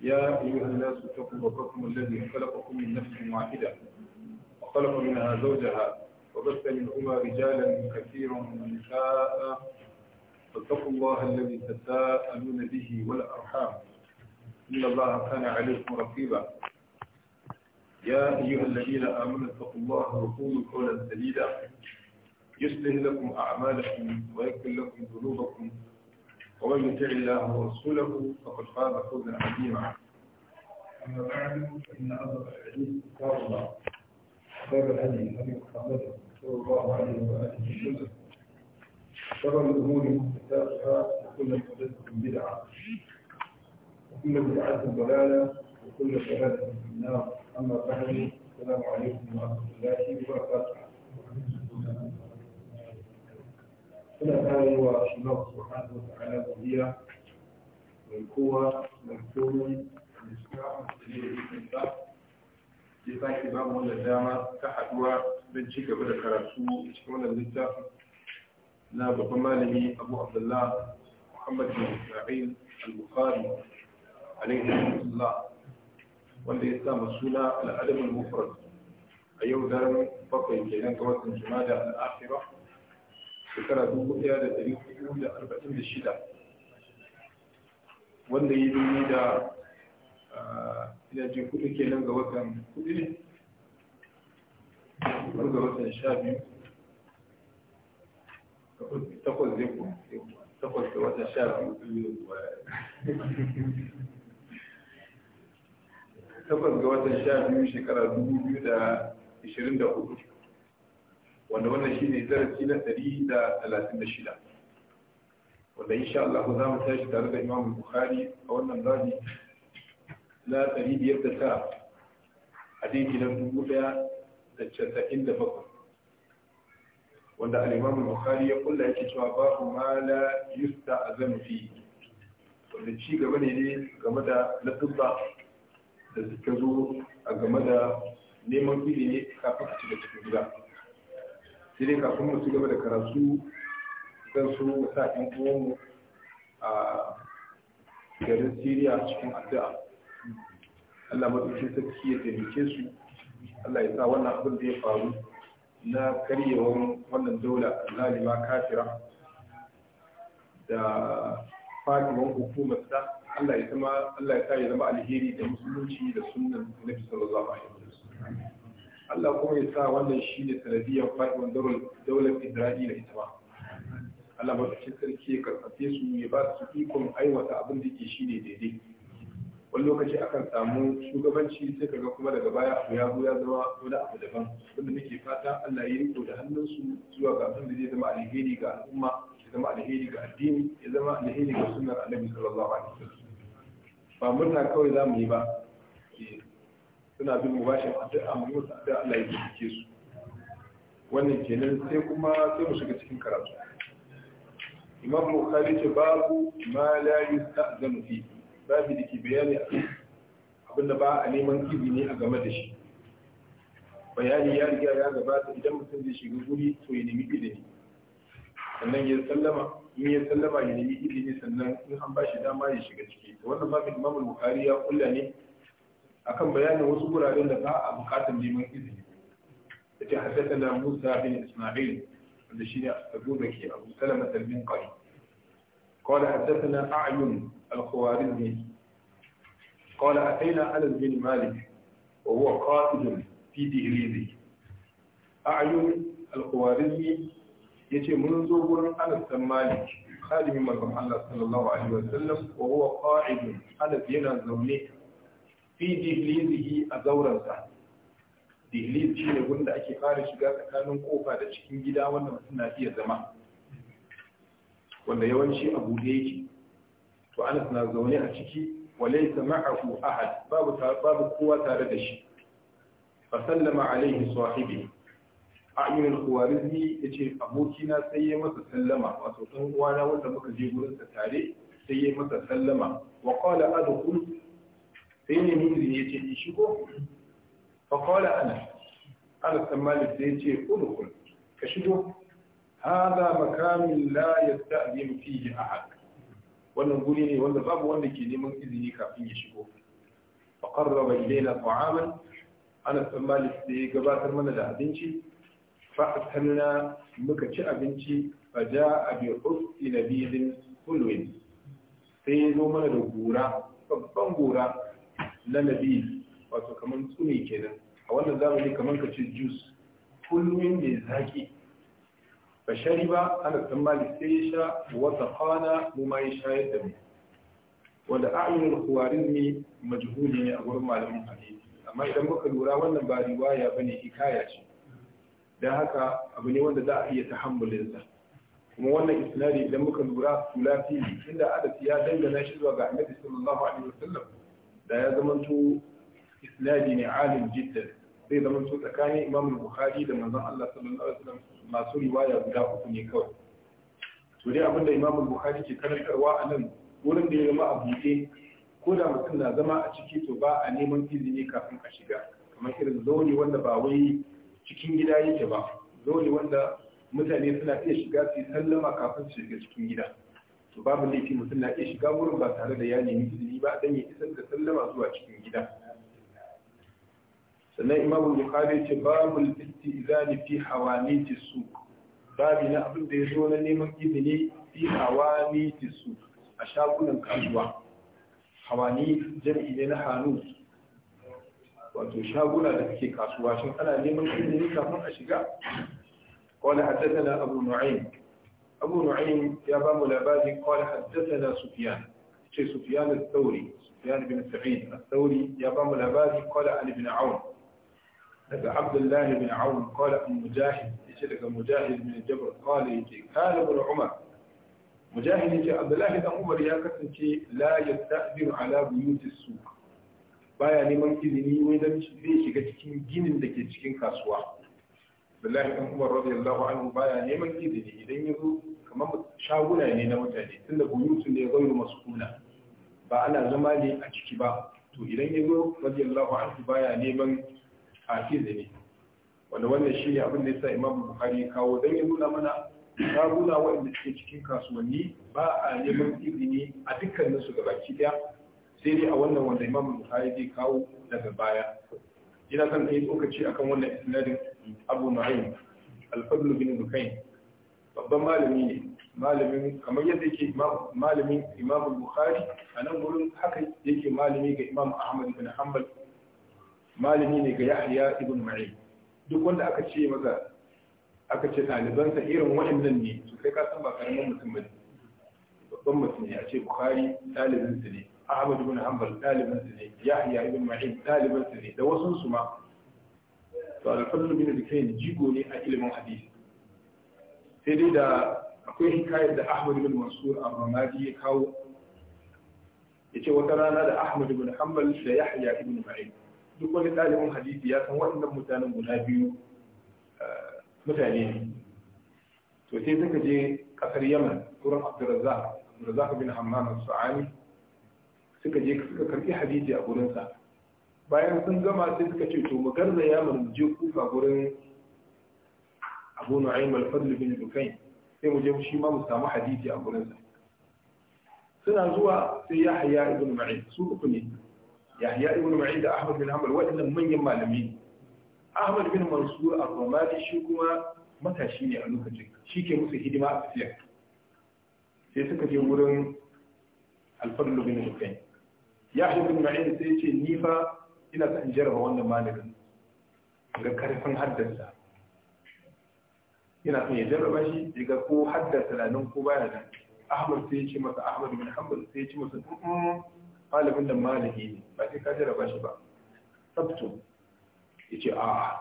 يا أيها الناس اتقوا ربكم الذي خلقكم من نفس واحدة وخلق منها زوجها وبث منهما رجالا كثيرا ونساء فاتقوا الله الذي تساءلون به والأرحام إن الله كان عليكم رقيبا يا أيها الذين آمنوا اتقوا الله وقولوا قولا سديدا يصلح لكم أعمالكم ويكفر لكم ذنوبكم ومن يطع الله ورسوله فقد فاز فوزا عظيما أما بعد فإن أصدق الحديث كتاب الله كتاب الهدي هدي محمد صلى الله عليه وآله وسلم شر الأمور محدثاتها وكل محدثة بدعة وكل بدعة ضلالة وكل ضلالة في النار أما بعد السلام عليكم ورحمة الله وبركاته suna kare wa shi ma su hannu da ala godiya mai kowa mai komai da suka amfani da cikin sa ya sake ba mu wannan dama ta haduwa don ci gaba da karatu cikin wannan littafin na babban malami abu abdullah muhammad bin isra'il al-bukhari alaihi rahmatullah wanda ya sa suna al'adabul mufrad a yau daren bakwai kenan ga watan jumada al-akhirah shekara dubu ɗaya da dari hudu da arba'in da shida wanda ya yi da ina jin kuɗi kenan ga watan kuɗi ne ga watan sha biyu takwas zai ku takwas ga watan sha biyu takwas ga watan sha biyu shekara dubu biyu da ishirin da hudu wanda wannan shi shine darasi na 136 wanda insha Allah za mu tashi tare da Imam Bukhari a wannan babi na 509 hadisi na 1097 wanda al Bukhari ya kulla yake cewa babu ma la yusta'zanu fi wanda ci gaba ne ne game da na lafuzza da suka zo a game da neman ilimi kafin a cika cikin gida sai dai kafin mu ci gaba da karatu zan so sa ɗan uwanmu a garin siriya cikin addu'a Allah maɗauki sarki ya taimake su Allah ya sa wannan abin da ya faru na karyewar wannan daula lalima kafira da fatiman hukumar ta Allah ya sa ya zama alheri da musulunci da sunan na Nabi sallallahu alaihi wasallam Allah kuma ya sa wannan shi ne sanadiyar faɗin daular Isra'ila ita ba. Allah ba su sarki ya karfafe su ya ba su ikon aiwata abin da ke shi ne daidai. Wani lokaci akan samu shugabanci sai kaga kuma daga baya abu ya zo ya zama wani abu daban wanda muke fata Allah ya riko da hannunsu zuwa ga abin da zai zama alheri ga al'umma ya zama alheri ga addini ya zama alheri ga sunan annabi sallallahu alaihi wasallam ba murna kawai za mu yi ba eh. suna bin mubashin addu'a mu su addu'a Allah ya cike su wannan kenan sai kuma sai mu shiga cikin karatu imam bukhari ce babu ma la yusta'zanu fi babu dake bayani abinda ba a neman izini a game da shi bayani ya riga ya gabata idan mutum zai shiga guri to ya nemi izini sannan ya sallama in ya sallama ya nemi izini sannan in an ba shi dama ya shiga ciki wannan babu imam bukhari ya kulla ne akan bayanin wasu guraren da za a bukatar neman izini da ke hasata da musa bin ismail wanda shi ne a gobe ke a musala matalmin kwai kawai da hasata na a'ayun alkawarin ne kawai da hasai na alin bin malik wa huwa kawai fi di irizi a'ayun ya ce mun zo gurin alistan malik kalimin malkam allah sallallahu alaihi wa sallam wa huwa kawai anas yana zaune fi dihlizihi a zauransa dihliz shi ne wanda ake fara shiga tsakanin kofa da cikin gida wanda mutum na iya zama wanda yawanci a buɗe yake to ana na zaune a ciki walaisa ma'ahu ahad babu kowa tare da shi fa sallama alaihi sahibi a'yun al-khawarizmi ya ce, abokina, sai ya masa sallama wato dan uwana wanda muka je gurinsa tare sai ya masa sallama wa qala adukun sai ne izini ya ce in shigo fa qala ana ana Malik sai ya ce udkhul ka shigo hada makamin la fiye a ahad wannan guri ne wanda babu wanda ke neman izini kafin ya shigo fa qarraba ilayna ta'aman ana Malik sai gabatar mana da abinci fa na muka ci abinci ja fa ja'a bi usfi nabidin kulwin sai ya zo mana da gora babban gora lalabi wato kamar tsuni kenan a wannan zamani kamar ka ce juice kullum mai zaki ba shari ba ana tsammani sai ya sha wata kwana mu ma ya sha yadda mu wanda a'yunar kuwarin ne majhuli ne a gurin malamin hadisi amma idan muka lura wannan ba riwaya bane hikaya ce dan haka abu ne wanda za a iya tahammulin sa kuma wannan isnadi idan muka lura sulafi inda adati ya dangana shi zuwa ga annabi sallallahu alaihi wasallam da ya zamanto isnadi ne alim jiddan zai zamanto tsakanin imam bukhari da manzon Allah sallallahu alaihi wasallam masu riwaya guda uku ne kawai to dai abinda imam bukhari ke karantarwa a nan wurin da ya zama a buɗe ko da mutum na zama a ciki to ba a neman izini kafin a shiga kamar irin zaune wanda ba wai cikin gida yake ba zaune wanda mutane suna iya shiga su yi sallama kafin su shiga cikin gida babu laifi mutum na iya shiga wurin ba tare da ya nemi izini ba dan ya isar da sallama zuwa cikin gida sannan imamu bukhari ce babu istizani fi hawaniti su babu na abin da ya zo na neman izini fi hawaniti su a shagunan kasuwa hawani jami'i ne na hannu wato shaguna da suke kasuwa shin ana neman izini kafin a shiga قال حدثنا abu نعيم abu nu'aym ya ba mu labari qala haddathana sufyan ce sufyan al-thawri sufyan bin sa'id al-thawri ya ba mu labari qala an ibn aun daga abdullahi bin aun qala an mujahid ce daga mujahid bin jabr qala yace kana ibn umar mujahid yace abdullahi dan umar ya kasance la yasta'dinu ala buyutis suq baya neman izini wai dan zai shiga cikin ginin da ke cikin kasuwa Abdullahi dan Umar radiyallahu anhu baya neman izini idan ya zo kamar shaguna ne na mutane tunda buyutun ne masu kuna ba ana zama ne a ciki ba to idan ya zo an anhu baya neman hafiz ne wanda wannan shi ne abin da yasa imam bukhari kawo dan ya nuna mana shaguna waɗanda suke cikin kasuwanni ba a neman izini a dukkanin su gabaki daya sai dai a wannan wanda imam bukhari zai kawo daga baya ina kan kai lokaci akan wannan isnadin abu nu'aym al-fadl bin Bukhari babban malami ne malamin kamar yadda yake malamin imam bukhari a nan gurin haka yake malami ga imam ahmad ibn hanbal malami ne ga yahya ibn ma'in duk wanda aka ce maka aka ce ɗalibansa irin waɗannan ne su kai ka san ba karamin mutum ba babban mutum ne a ce bukhari ɗalibinsa ne ahmad ibn hanbal ɗalibinsa ne yahya ibn ma'in ɗalibinsa ne da wasu su ma to alfallu bin dukain jigo ne a ilimin hadisi sai dai da akwai hikayar da Ahmad bin Mansur a ramadi ya kawo ya ce wata rana da Ahmad bin Hanbal da Yahya ibn Ma'in duk wani dalibin hadisi ya san waɗannan mutanen guda biyu eh, mutane ne to sai suka je kasar Yaman wurin Abdurrazzaq Abdurrazzaq bin Hammam al-Sa'ani suka je suka karbi hadisi a gurinsa bayan sun gama sai suka ce to mu garza Yaman mu je kufa gurin abu nu'aym al-fadl bin bukayn sai mu je shi ma mu samu hadisi a gurin sa suna zuwa sai yahya ibn ma'in su uku ne yahya ibn ma'in da ahmad bin hanbal Wadannan manyan malami ahmad bin mansur ar-ramadi shi kuma matashi ne a lokacin shi ke musu hidima a tafiya sai suka je wurin alfadlu bin bukayn yahya ibn ma'in sai ce ni fa ina son jarraba wannan malamin ga karfin haddasa. yana son ya jarraba shi ya ga ko hadda tunanin ko baya nan ahmad sai ce masa ahmad bin hanbal sai ce masa malamin da maliki ne ba sai ka jarraba shi ba sabto ya ce a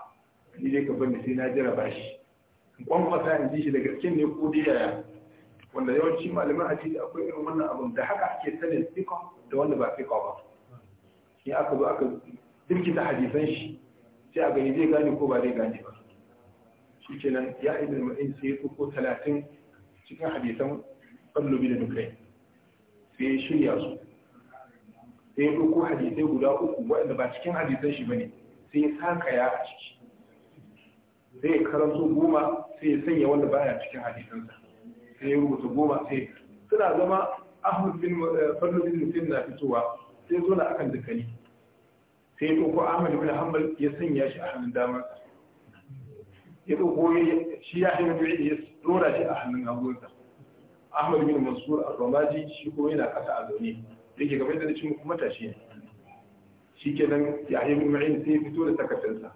ni dai ka bani sai na jarraba shi kwan kwamfasa in ji shi da gaske ne ko dai yaya wanda yawanci malaman hadisi akwai irin wannan abin da haka ake sanin fika da wanda ba fika ba in aka zo aka dirkita hadisan shi sai a gani zai gane ko ba zai gane ba shi ke nan ya ibn ma'in sai ya ɗauko talatin cikin hadisan ƙallubi da dukai sai ya shirya su sai ya ɗauko hadisai guda uku waɗanda ba cikin hadisan shi ba ne sai ya saka ya a ciki sai ya karanto goma sai ya sanya wanda baya cikin hadisansa sai ya rubuta goma sai suna zama ahmad bin eh, farlo bin mutum na fitowa sai zo na akan dukkani sai ya ɗauko ahmad bin Hamal ya sanya shi a hannun damar ya ɗauko shi ya hanyar biyu ya tsora shi a hannun hagunsa ahmad bin mansur a ramaji shi koyi na ƙasa a zaune yake kamar yadda cikin kuma matashi ne shi ke nan ya yi bin ma'in sai ya fito da takatinsa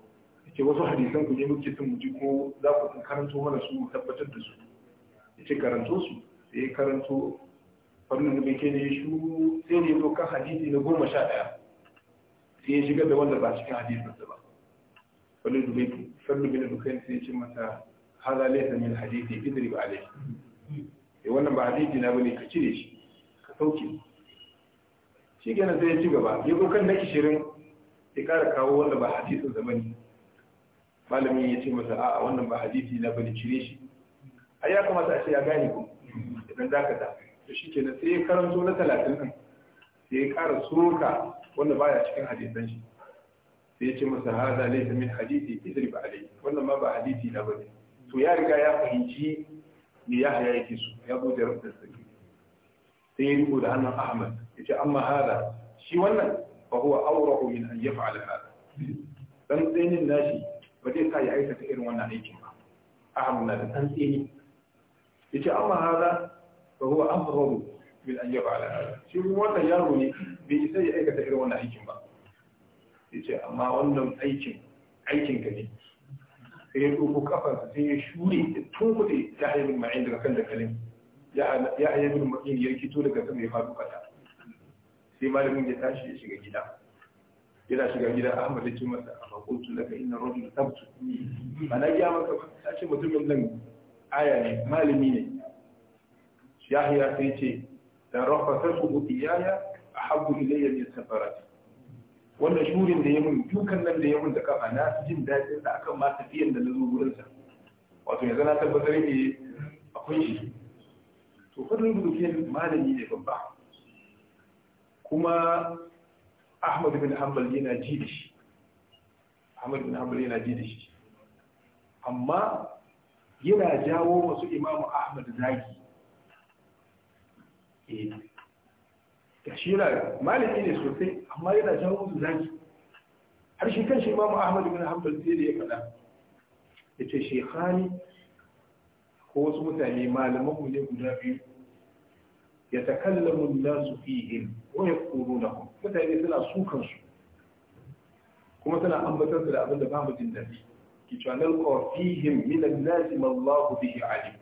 yake wasu hadisan ku ne muke son mu ko za ku karanto mana su tabbatar da su yace karanto su sai ya karanto farin da bai ne shi sai ne zo kan hadisi na goma sha ɗaya sai ya shigar da wanda ba cikin hadisinsa ba wani dubaitu. fadlu bin bukhari sai ce masa hada laysa min hadisi ba alai eh wannan ba hadisi na bane ka cire shi ka sauke shi kenan sai ya ci gaba ya zo kan naki shirin ya kara kawo wanda ba hadisin zamani. bane malamin ya ce masa a'a wannan ba hadisi na bane cire shi ai ya kamata a ce ya gane ku idan zaka da to kenan sai ya karanto na 30 din sai ya kara soka wanda baya cikin hadisan shi sai ya ce masa hada laifin min hadisi idrib alayhi wannan ma ba hadisi na bane to ya riga ya fahimci me ya haya yake so ya zo da rubda sai sai ya riko da hannun Ahmad ya ce amma hada shi wannan fa huwa awrahu min an yaf'ala hada dan tsayin nashi ba zai sa ya aikata irin wannan aikin ba Ahmad na da dan tsayin ya ce amma hada fa huwa afdalu min an yaf'ala hada shi wannan yaro ne bai isa ya aikata irin wannan aikin ba yace amma wannan aikin aikin ka ne sai ya ɗauko kafar sai ya shure ya tunkuɗe ya ayyabin ma'in daga kan kalin ya ayyabin ma'in ya kito daga sama ya faɗo kasa sai malamin ya tashi ya shiga gida yana shiga gida ahmad ya ce masa a makotu daga inna rajul tabtu ana ya maka ba ta ce mutumin nan aya ne malami ne yahya sai ce da rafa tasu iyaya habu ilayya ne safarati wannan shurin da ya mun dukan nan da ya mun da kafa na jin daɗin sa akan ma tafiyan da na zo gurin sa wato yanzu na tabbatar ne akwai shi to fadin gudufiyar malami ne babba kuma ahmad bin hanbal yana ji da shi ahmad bin hanbal yana ji da shi amma yana jawo masu imamu ahmad zagi eh. shi na malami ne sosai amma yana jawo musu zaki har shi kan shi imamu ahmad ibn hanbal sai da ya faɗa ya ce shekhani ko wasu mutane malaman mu ne guda biyu ya takallamu nasu fihim wa yaqulunahum mutane suna sukan su kuma suna ambatar da abin da ba mu jin daɗi ki cewa nalqa fihim min an-nas ma Allah bihi alim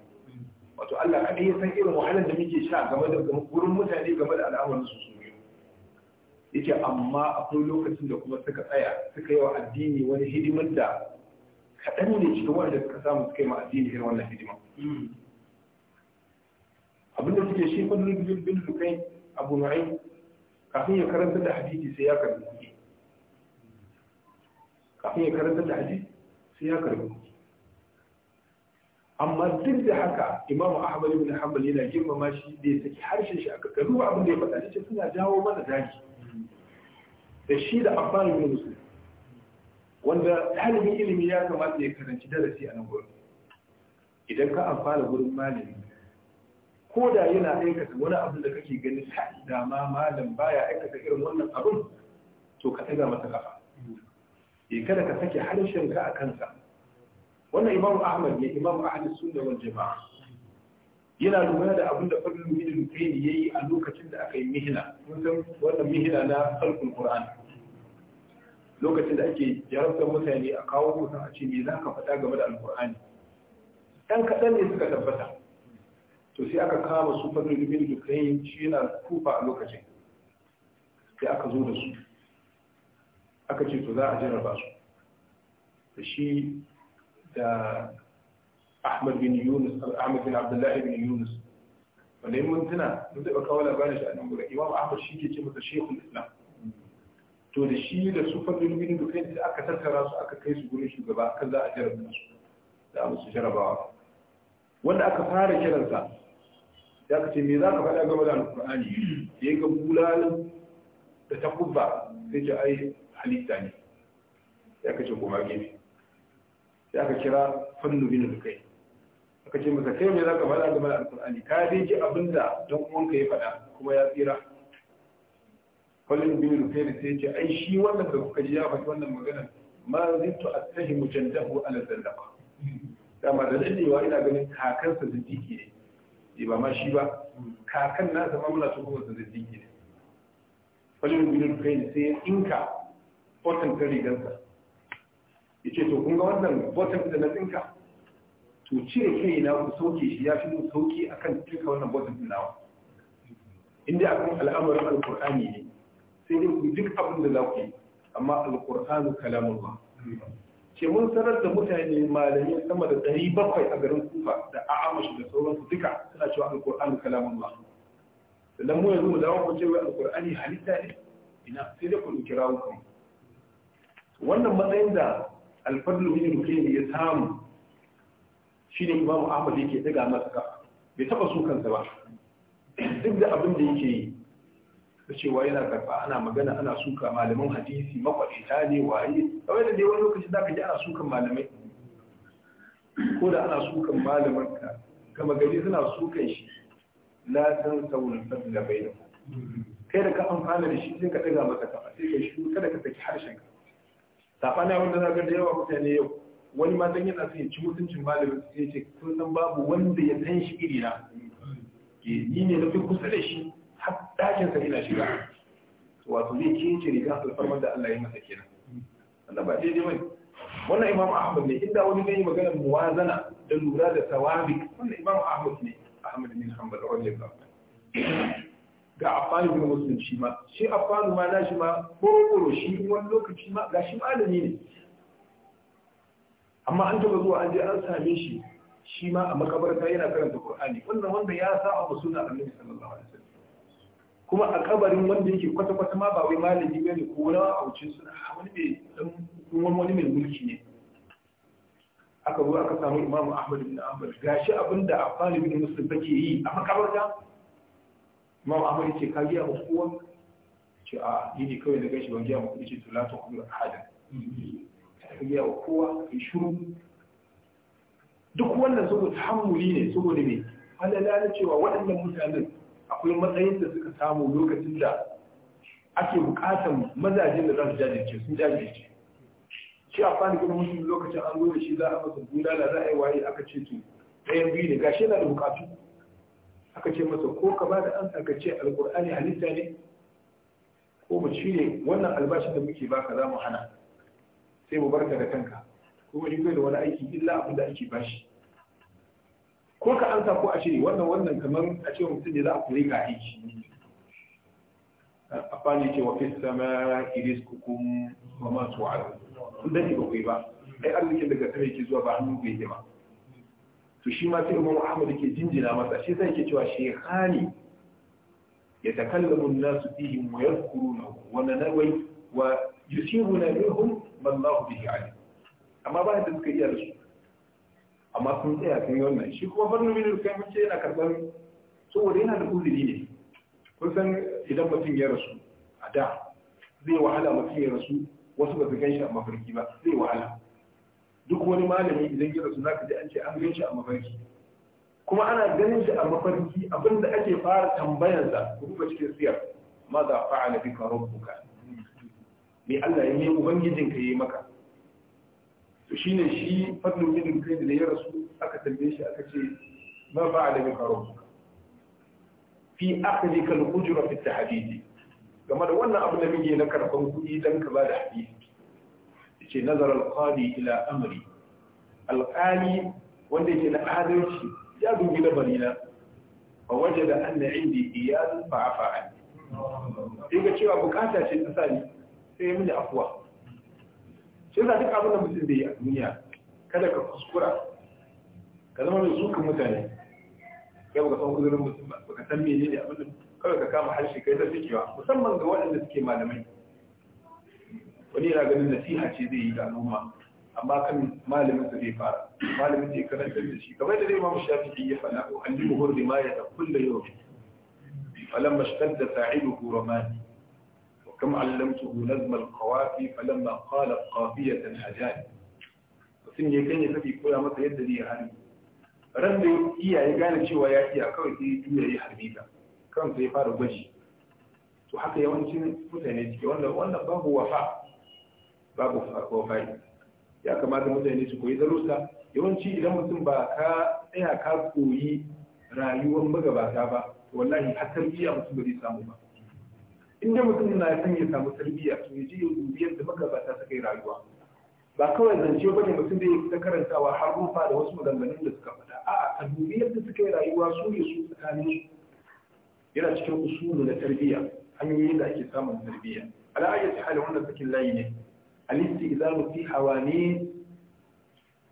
wato Allah kaɗai ya san irin wahalar da muke sha game da gurin mutane game da al'amuran su su yake amma akwai lokacin da kuma suka tsaya suka yi wa addini wani hidimar da kaɗan ne cikin wanda suka samu suka yi ma addini irin wannan hidima hmm. abinda suke shi fadlul bin bin lukai abu nu'aym kafin ya karanta da hadisi sai ya karbi kuɗi kafin ya karanta da hadisi sai ya karbi kuɗi amma duk da haka imamu ahmad ibn hanbal yana girmama shi da ya saki harshen shi aka karu abin da ya faɗa shi suna jawo mana zaki da shi da abban ibn muslim wanda talibin ilimi ya kamata ya karanci darasi a nan gurin idan ka amfana gurin malami ko da yana aikata wani abin da kake ganin da ma malam baya aikata irin wannan abin to ka ɗaga mata kafa eh, kada ka sake harshen ka a kansa wannan imam ahmad ne imam ahli sunna wal jama'a yana lura da abin da fadlul mu'min ya yayi a lokacin da aka yi mihina mun wannan mihina na halkul qur'an lokacin da ake jarabtar mutane a kawo mutum a ce me za ka faɗa game da alkur'ani ɗan kaɗan ne suka tabbata to sai aka kama su fadlul mu'min ukraine shi yana kufa a lokacin sai aka zo da su aka ce to za a jarraba su da shi da Ahmad bin Yunus Ahmad bin Abdullah bin Yunus wanda yin mun tuna mun taɓa kawo labarin shi a nan gura Imam Ahmad shi ke ce masa Sheikhul Islam to da shi da su fadin bin Dukain da aka tattara su aka kai su gurin shugaba kan za a jarabta su da musu jarabawa wanda aka fara kiransa ya ka ce me za ka faɗa game da alkur'ani da ya ga bulalin da ta kubba sai ce ai halitta ne ya ka ce kuma gefe sai aka kira fannu bin rukai aka ce masa kai mai zaka faɗa game da alqur'ani ka dai ji abinda don uwanka ya faɗa kuma ya tsira fannu bin rukai ne sai ya ce ai shi wannan da kuka ji ya faɗi wannan magana ma zintu attahimu jandahu ala zallaqa ma da dadewa ina ganin kakansa zindiki ne eh ba ma shi ba kakan nasa mamla su kuma zindiki ne fannu bin rukai sai ya inka fotan ta rigarsa yake to kun ga wannan bottom da na tsinka to cire kai na ku sauke shi ya fi mun a akan tsinka wannan bottom din nawa inda akan al'amarin alqur'ani ne sai dai ku duk abin da za ku yi amma alqur'anu kalamullah ke mun sanar da mutane malamai sama da 700 a garin kufa da a'amashi da sauransu duka suna cewa alqur'anu kalamullah sannan mu yanzu mu dawo ku cewa wai alqur'ani halitta ne ina sai da ku kira ku wannan matsayin da alfadlu min kayyim ya samu shine imamu ahmad yake daga masa kafa bai taba su kansa ba duk da abin da yake yi da cewa yana karba ana magana ana suka malaman hadisi makwaɗita ne waye kawai da dai wani lokaci za ka ji ana sukan malamai ko da ana sukan malamanka kama gari suna sukan shi la san saurin fadla bai da kai da ka amfana da shi sai ka ɗaga masa kafa sai ka shi kada ka saki harshen ka sabana wanda za ga da yawa mutane yau wani ma dan yana son ya ci mutuncin malamin sai ce kun san babu wanda ya san shi iri na ke eh, ni ne na fi kusa da shi har dakin sa ina shiga wato zai kince riga alfarmar da Allah ya masa kenan Allah ba daidai bane wannan imam ahmad ne inda wani zai yi maganar muwazana da lura da tawabi wannan imam ahmad ne ahmad bin hanbal radiyallahu anhu ga afanu bin musu shi ma shi afanu ma na shi ma koro shi wani lokaci ma ga shi malami ne amma an taba zuwa an je an same shi shi ma a makabarta yana karanta qur'ani wannan wanda ya sa a suna annabi sallallahu alaihi wasallam kuma a kabarin wanda yake kwata kwata ma ba wai malami bane ko wani aucin suna wani mai dan wani mai mulki ne aka zo aka samu imamu ahmad bin hanbal gashi abinda afanu bin muslim take yi a makabarta imam ahmad ce ka giya ba kowa ce a yi ne kawai na gashi ban giya ba yace to la a hada. ka giya ba kowa yi shiru duk wannan saboda tahammuli ne saboda me halala na cewa waɗannan mutanen akwai matsayin da suka samu lokacin da ake bukatan mazajen da za su jajirce sun jajirce shi a fani gina mutum lokacin an zo da shi za a masa bulala za a yi waye aka ce to ɗayan biyu ne gashi yana da buƙatu. aka ce masa ko ka ba da an ka ce alkur'ani halitta ne ko mu ne wannan albashin da muke baka za mu hana sai mu barka da kanka ko mu shigo da wani aiki illa abin da ake bashi ko ka ansa ko a ne wannan wannan kamar a ce mutum ne za a kuri ka aiki a fani ce wa fis sama iriskukum wa ma tu'adu sun dace ba kai yi ba ai arzikin daga sama ke zuwa ba hannu bai yi ba to shi ma sai Imam Ahmad yake jinjina masa shi sai yake cewa shehani ya takallamu nasu fihi wa yadhkurunahu wa nanawi wa yusiruna minhum man Allah bihi alim amma ba da suka iya da su amma sun tsaya sun yi wannan shi kuma farnu min rukai mun ce yana karɓar saboda yana da uzuri ne kun san idan mutum ya rasu a da zai wahala mutum ya rasu wasu ba su gan shi a mafarki ba zai wahala duk wani malami idan ya rasu zaka ji an ce an gan shi a mafarki kuma ana ganin shi a mafarki abinda ake fara tambayansa ku duba cikin siyar maza fa'ala bika buka. me Allah ya yi ubangijin ka yi maka to ne shi fadlun min kai da ya rasu aka tambaye shi aka ce ma fa'ala bika buka. fi akhdika al-ujra fi at game da wannan abu da muke na karban kuɗi dan ka ba da hadisi ce nazar alƙali ila amri alƙali wanda yake da adalci ya dubi barina. a waje da an na indi iyalin fa'afa'an sai ga cewa bukata ce ta sani sai ya mini afuwa shi za duk abin da mutum da yi a duniya kada ka kuskura ka zama mai sukan mutane ya baka san kudurin mutum ba baka san ne abin da kawai ka kama harshe kai ta fikewa musamman ga waɗanda suke malamai wani yana ganin nasiha ce zai yi ga al'umma amma kan malamin sa zai fara malamin zai karantar da shi kamar da zai mamu shafi ya fada ko an jimu hurri ma ya tafi da yau falan mashkal da sa'idu ne. wa kama allamtuhu nazmal qawafi falan ma qala da hajani mutum ne kan yi tafi koya masa yadda zai harbi ran da iya ya gane cewa ya iya kawai sai juya ya harbi ka kansa ya fara gwaji to haka yawancin mutane suke wannan babu wafa babu profile ya kamata mutane su koyi darussa yawanci idan mutum ba ka tsaya ka koyi rayuwar magabata ba to wallahi har tarbiyya mutum ba zai samu ba inda mutum na san ya samu tarbiyya to ya je ya dubi yadda magabata suka yi rayuwa ba kawai zance ba ne mutum da zai ta karantawa har rufa da wasu maganganun da suka faɗa a'a ka dubi yadda suka yi rayuwa su ne su tsakanin su yana cikin usulu na tarbiyya hanyoyin da ake samun tarbiyya ala ayyati hali wannan sakin layi ne al-istizanu fi hawani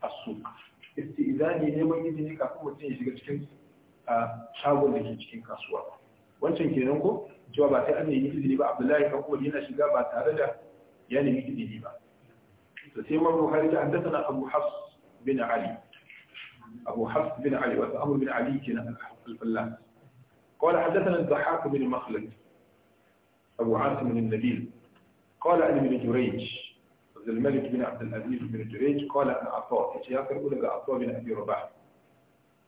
as-suq istizani ne mun izini kafin mutum ya shiga cikin shagon da ke cikin kasuwa wancan kenan ko cewa ba sai an nemi izini ba abdullahi kan kuma yana shiga ba tare da ya nemi izini ba to sai mun bukhari da haddathana abu hafs bin ali abu hafs bin ali wa amr bin ali kenan al-fallah قال حدثنا الضحاك بن مخلد أبو عاصم بن النبيل قال عن ابن جريج الملك بن عبد العزيز بن جريج قال أنا عطاء يا كربو لك عطاء بن أبي رباح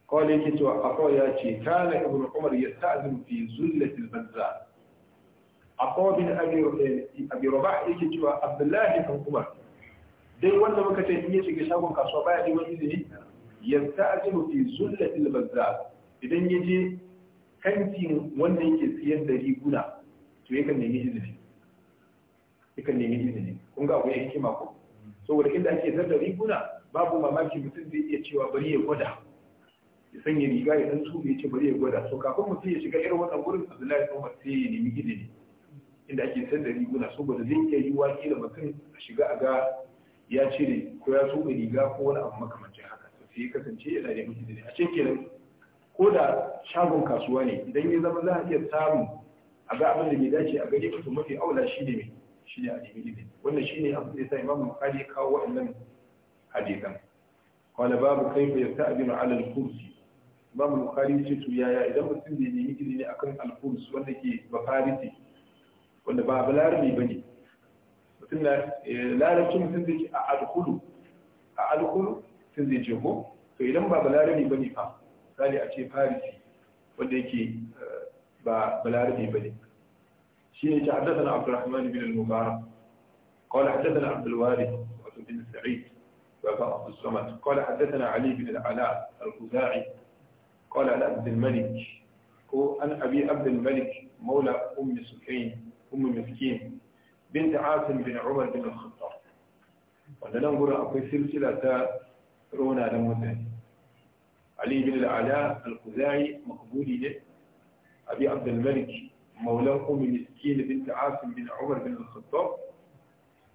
قال يكي عطاء ياتي كان ابن عمر يستأذن في زلة البزاء عطاء بن أبي أبي رباح يكي عبد الله بن عمر dai wanda muka ce in ya shiga shagon kasuwa baya neman izini yasta'zimu fi zullatil bazza idan ya je kantin wanda yake siyar da riguna to yakan nemi izini yakan nemi izini kun ga abu ya hikima ko saboda inda ake zarda riguna babu mamaki mutum zai iya cewa bari ya gwada ya sanya riga ya dan tsubi ya ce bari ya gwada so kafin mutum ya shiga irin wannan gurin Abdullahi bin Umar sai ya nemi izini inda ake zarda riguna saboda zai iya yiwa da mutum a shiga a ga ya cire ko ya tsubi riga ko wani abu makamancin haka sai ya kasance yana da izini a cikin kenan ko da shagon kasuwa ne idan ya zama za a iya samun a ga abin da bai dace a gare ka to mafi aula shi ne mai shi ne a nemi ilimi wannan shi ne abin da ya sa imamu bukari ya kawo wa'annan hadisan wani babu kai fa yasta abin ala al-kursi imamu bukari ce to yaya idan mutum ne nemi ilimi akan al-kursi wanda ke bafarisi wanda ba balarabi bane mutum na eh, larabcin mutum zai ce a alkulu a alkulu sun zai ce ko to idan ba balarabi bane fa misali a ce farisi wanda yake eh, ba balarabi bane شيء حدثنا عبد الرحمن بن المبارك قال حدثنا عبد الوارث بن سعيد وابا عبد الصمد قال حدثنا علي بن العلاء الخزاعي قال عن عبد الملك هو أن أبي عبد الملك مولى أم سكين أم مسكين بنت عاصم بن عمر بن الخطاب wanda nan gurin akwai silsila ta rona don mutane ali bin al'ala al-kuzari makbuli ne abi abdulmalik maulan ummi miskin bint asim bin umar bin al-khattab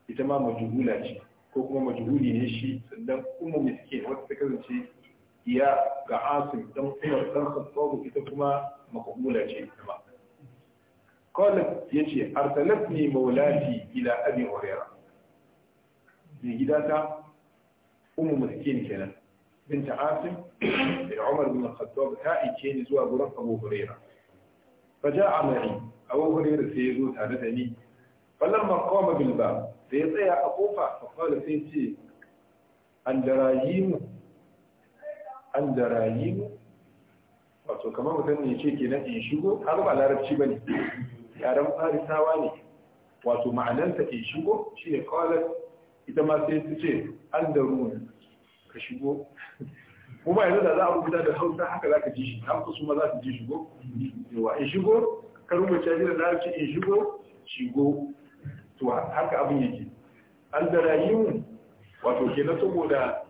ita ma majhula ce ko kuma majhuli ne shi sannan ummu miskin wata ta kasance ya ga asim dan umar dan khattab ita kuma maqbula ce ita ma قالت يجي أرسلتني مولاتي إلى أبي هريرة kenan أم مسكين bin بنت bin بن عمر بن الخطاب هاي كين زوا أبو هريرة فجاء معي أبو هريرة سيزو تاردني فلما قام بالباب سيطيع أقوفا فقال سيتي أن درايم أن درايم wato kamar mutum ne ce ke nan in shigo har ba larabci ba ne yaren farisawa ne wato ma'ananta in shigo shi ne kawalar ita ma sai su ce an da ka shigo kuma yanzu da za a rubuta da hausa haka za ka ji shi haka su ma za su ji shigo yawa in shigo ka rubuta shi da larabci in shigo shigo to haka abin yake an da rayuwar wato ke na saboda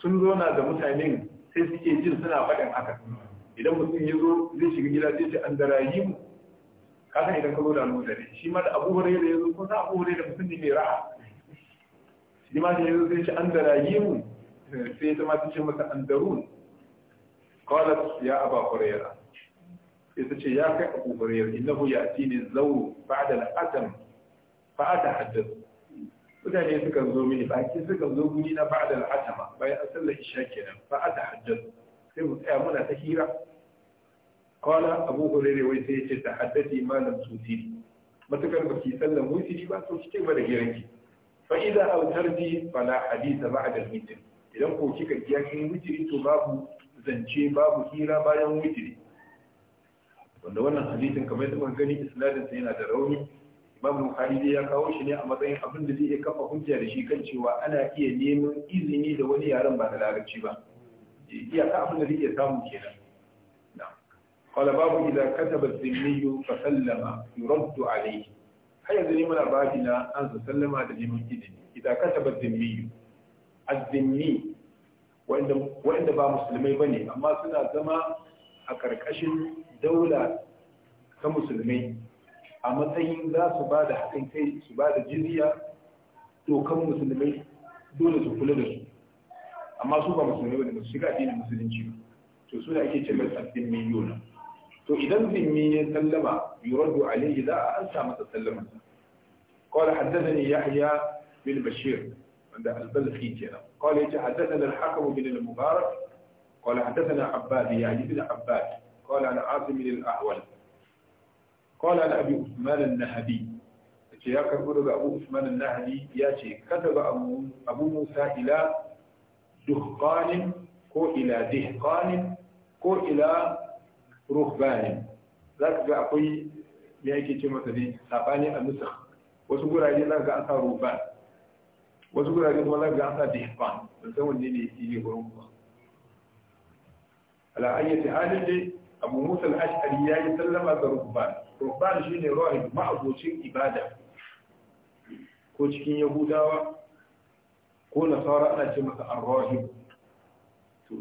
sun na da mutanen sai suke jin suna faɗin haka idan mutum ya zo zai shiga gida sai ce an da rayuwar kasan idan ka zo da ne shi ma da abu hurairu ya zo kun sa abu da mutum ne mai ra'a shi ma sai ya zo sai ce an da rayuwar sai ta ma ta ce mata andarun qalat ya aba hurayra ita ce ya kai abu hurayra ne zauro zawru ba'da al-adam fa atahaddath mutane suka zo mini baki suka zo guni na ba'da al-atama bayan sallar isha kenan fa atahaddath sai mu tsaya muna ta hira qala abu hurayra wai sai ce ta ma malam tutiri matakar ba ki sallar mutiri ba to kike ba da Fa'iza fa idza autarji fala hadisa ba al-mitr idan ko kika kiyan in witiri to babu zance babu hira bayan witiri wanda wannan hadisin kamar yadda gani isnadin sa yana da rauni Imam Bukhari ya kawo shi ne a matsayin abin da zai kafa hujja da shi kan cewa ana iya neman izini da wani yaren ba da larabci ba iya ka abin da zai iya samu kenan قال باب إذا كتب الذمي فسلم يرد عليه هيا sallama da neman تسلم على الإذا كتب الذمي azzimmi wa'inda ba musulmai ba ne amma suna zama a ƙarƙashin daula ta musulmai a matsayin za su ba da haɗin kai su ba da jiriya dokan musulmai dole su kula da su amma su ba musulmai wanda su shiga addinin musulunci ba to suna da ake ce mai tsaffin miliyona to idan zimmi ya sallama yuraddu alaihi za a ansa masa sallamansa قال حدثني يحيى بن بشير عند البلخي كنا قال يجي حدثنا الحكم بن المبارك قال حدثنا عباد يعني بن عباد قال عن عاصم بن الأحول قال عن أبي عثمان النهدي يا كربلاء أبو عثمان النهدي ياتي كتب أبو موسى إلى دهقان كو إلى دهقان كو إلى رهبان ذاك أقول me yake ce masa ne sabani a nusakh wasu gurare za ga an sa ruban wasu gurare kuma za ga an sa dihqan ban san wanne ne yake gurin ba ala ayyati halin dai abu musa al-ash'ari ya yi sallama ga rubban rubban ne rahib ma'abocin ibada ko cikin yahudawa ko nasara ana ce masa ar-rahib to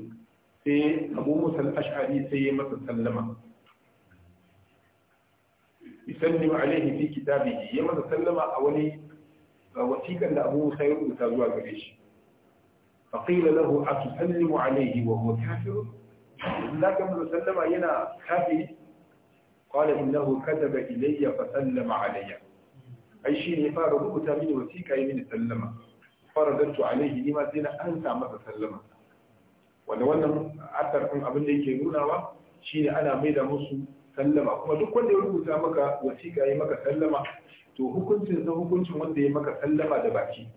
sai abu musa al-ash'ari sai ya masa sallama yusallimu alaihi fi kitabihi ya masa sallama a wani wasiƙar da abu musa ya rubuta zuwa gare shi faƙila lahu a mu alaihi wa huwa kafiru Allah kan mu sallama yana kafiri qala innahu kadaba ilayya fa sallama alayya ai shi ne fara rubuta mini wasiƙa yi mini sallama faradattu alaihi ni ma sai na ansa masa sallama wanda wannan asar ɗin abin da yake nunawa ne ana maida musu sallama kuma duk wanda ya rubuta maka wasiƙa yi maka sallama to hukuncin sa hukuncin wanda ya maka sallama da baki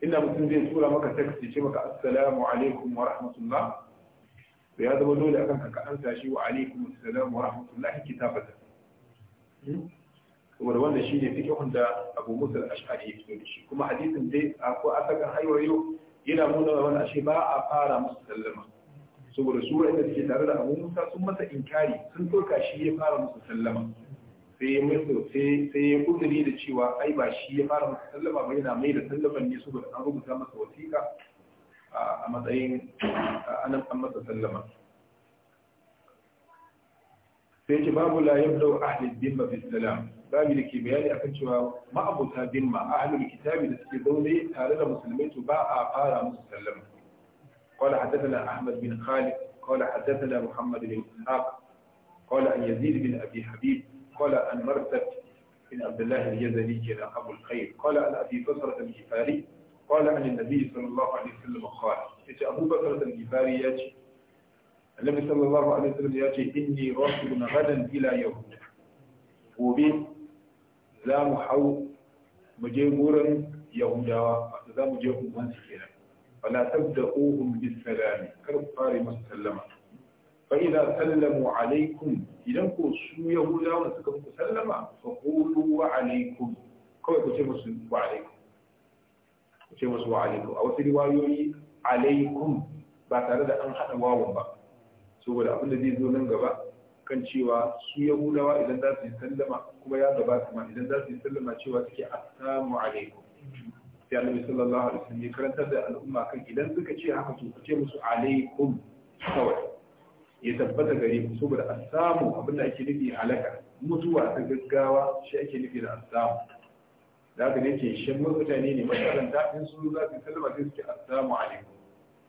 inda mutum zai tura maka taxi ce maka assalamu alaikum wa rahmatullah to ya zama dole akan ka ansa shi wa alaikum assalam wa rahmatullahi kitabata hmm? saboda wannan shi ne fiqhun da Abu Musa al-Ash'ari ya fito da shi kuma hadisin dai ko akwai asakan yau, yana nuna wani ashe ba a fara musu sallama saboda sura da take tare da Abu Musa sun masa inkari sun doka shi ya fara musu sallama sai ya mutu sai ya kudiri da cewa ai ba shi ya fara masa sallama ba yana mai da sallaman ne saboda an rubuta masa wasiƙa a matsayin anan an masa sallama sai ce babu la yabdau ahli dimma bi salam babu da ke bayani akan cewa ma'abuta dimma ahlul kitabi da suke zaune tare da musulmai to ba a fara musu sallama قال حدثنا أحمد بن خالد قال حدثنا محمد بن إسحاق قال عن يزيد بن أبي حبيب قال عن مرثد بن عبد الله الجزري كان أبو الخير قال عن أبي بصرة الجفاري قال عن النبي صلى الله عليه وسلم قال إذا أبو بصرة الجفاري ياتي النبي صلى الله عليه وسلم ياتي إني راحل غدا إلى يهود وبين za mu hau mu je wurin yahudawa wato za mu je unguwansu kenan wala tabda uhum bisalami kar ku fara masu sallama فإذا سلموا عليكم إذا كو سو يهودا وسكم سلما فقولوا وعليكم كما كو تشمس وعليكم تشمس وعليكم أو في رواية عليكم باتارة هذا أن حد واو با سو ولا أبدا دي زو نن غبا kan cewa su yahudawa idan za su yi sallama kuma ya gabata ma idan za su yi sallama cewa suke assalamu alaikum sai annabi sallallahu alaihi wasallam ya karanta da al'umma kan idan suka ce haka to ku ce musu alaikum kawai ya tabbata gare mu saboda a samu abin da ake nufi halaka mutuwa ta gaggawa shi ake nufi da asamu da haka ne ke shan mutane ne makaranta in su za su sallama sai suke assalamu alaikum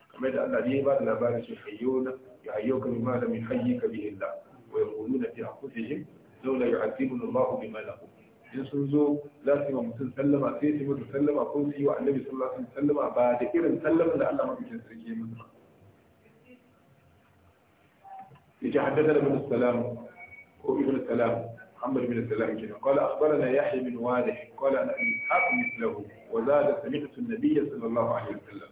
kamar da Allah ne ya ba da labarin shi hayyuna ya hayyo ka bi malam ya hayyi ka bi Allah wa yaquluna fi anfusihim laula yu'azzibuna Allah bima lahum in sun zo za su yi wa mutum sallama sai su mutu sallama ko su yi wa annabi sallallahu alaihi wasallam ba da irin sallama da Allah mabukin sarki ya musu يجي حدثنا ابن السلام هو ابن السلام محمد بن السلام كنا قال أخبرنا يحيى بن والح قال أنا أبي إسحاق مثله وزاد سمعت النبي صلى الله عليه وسلم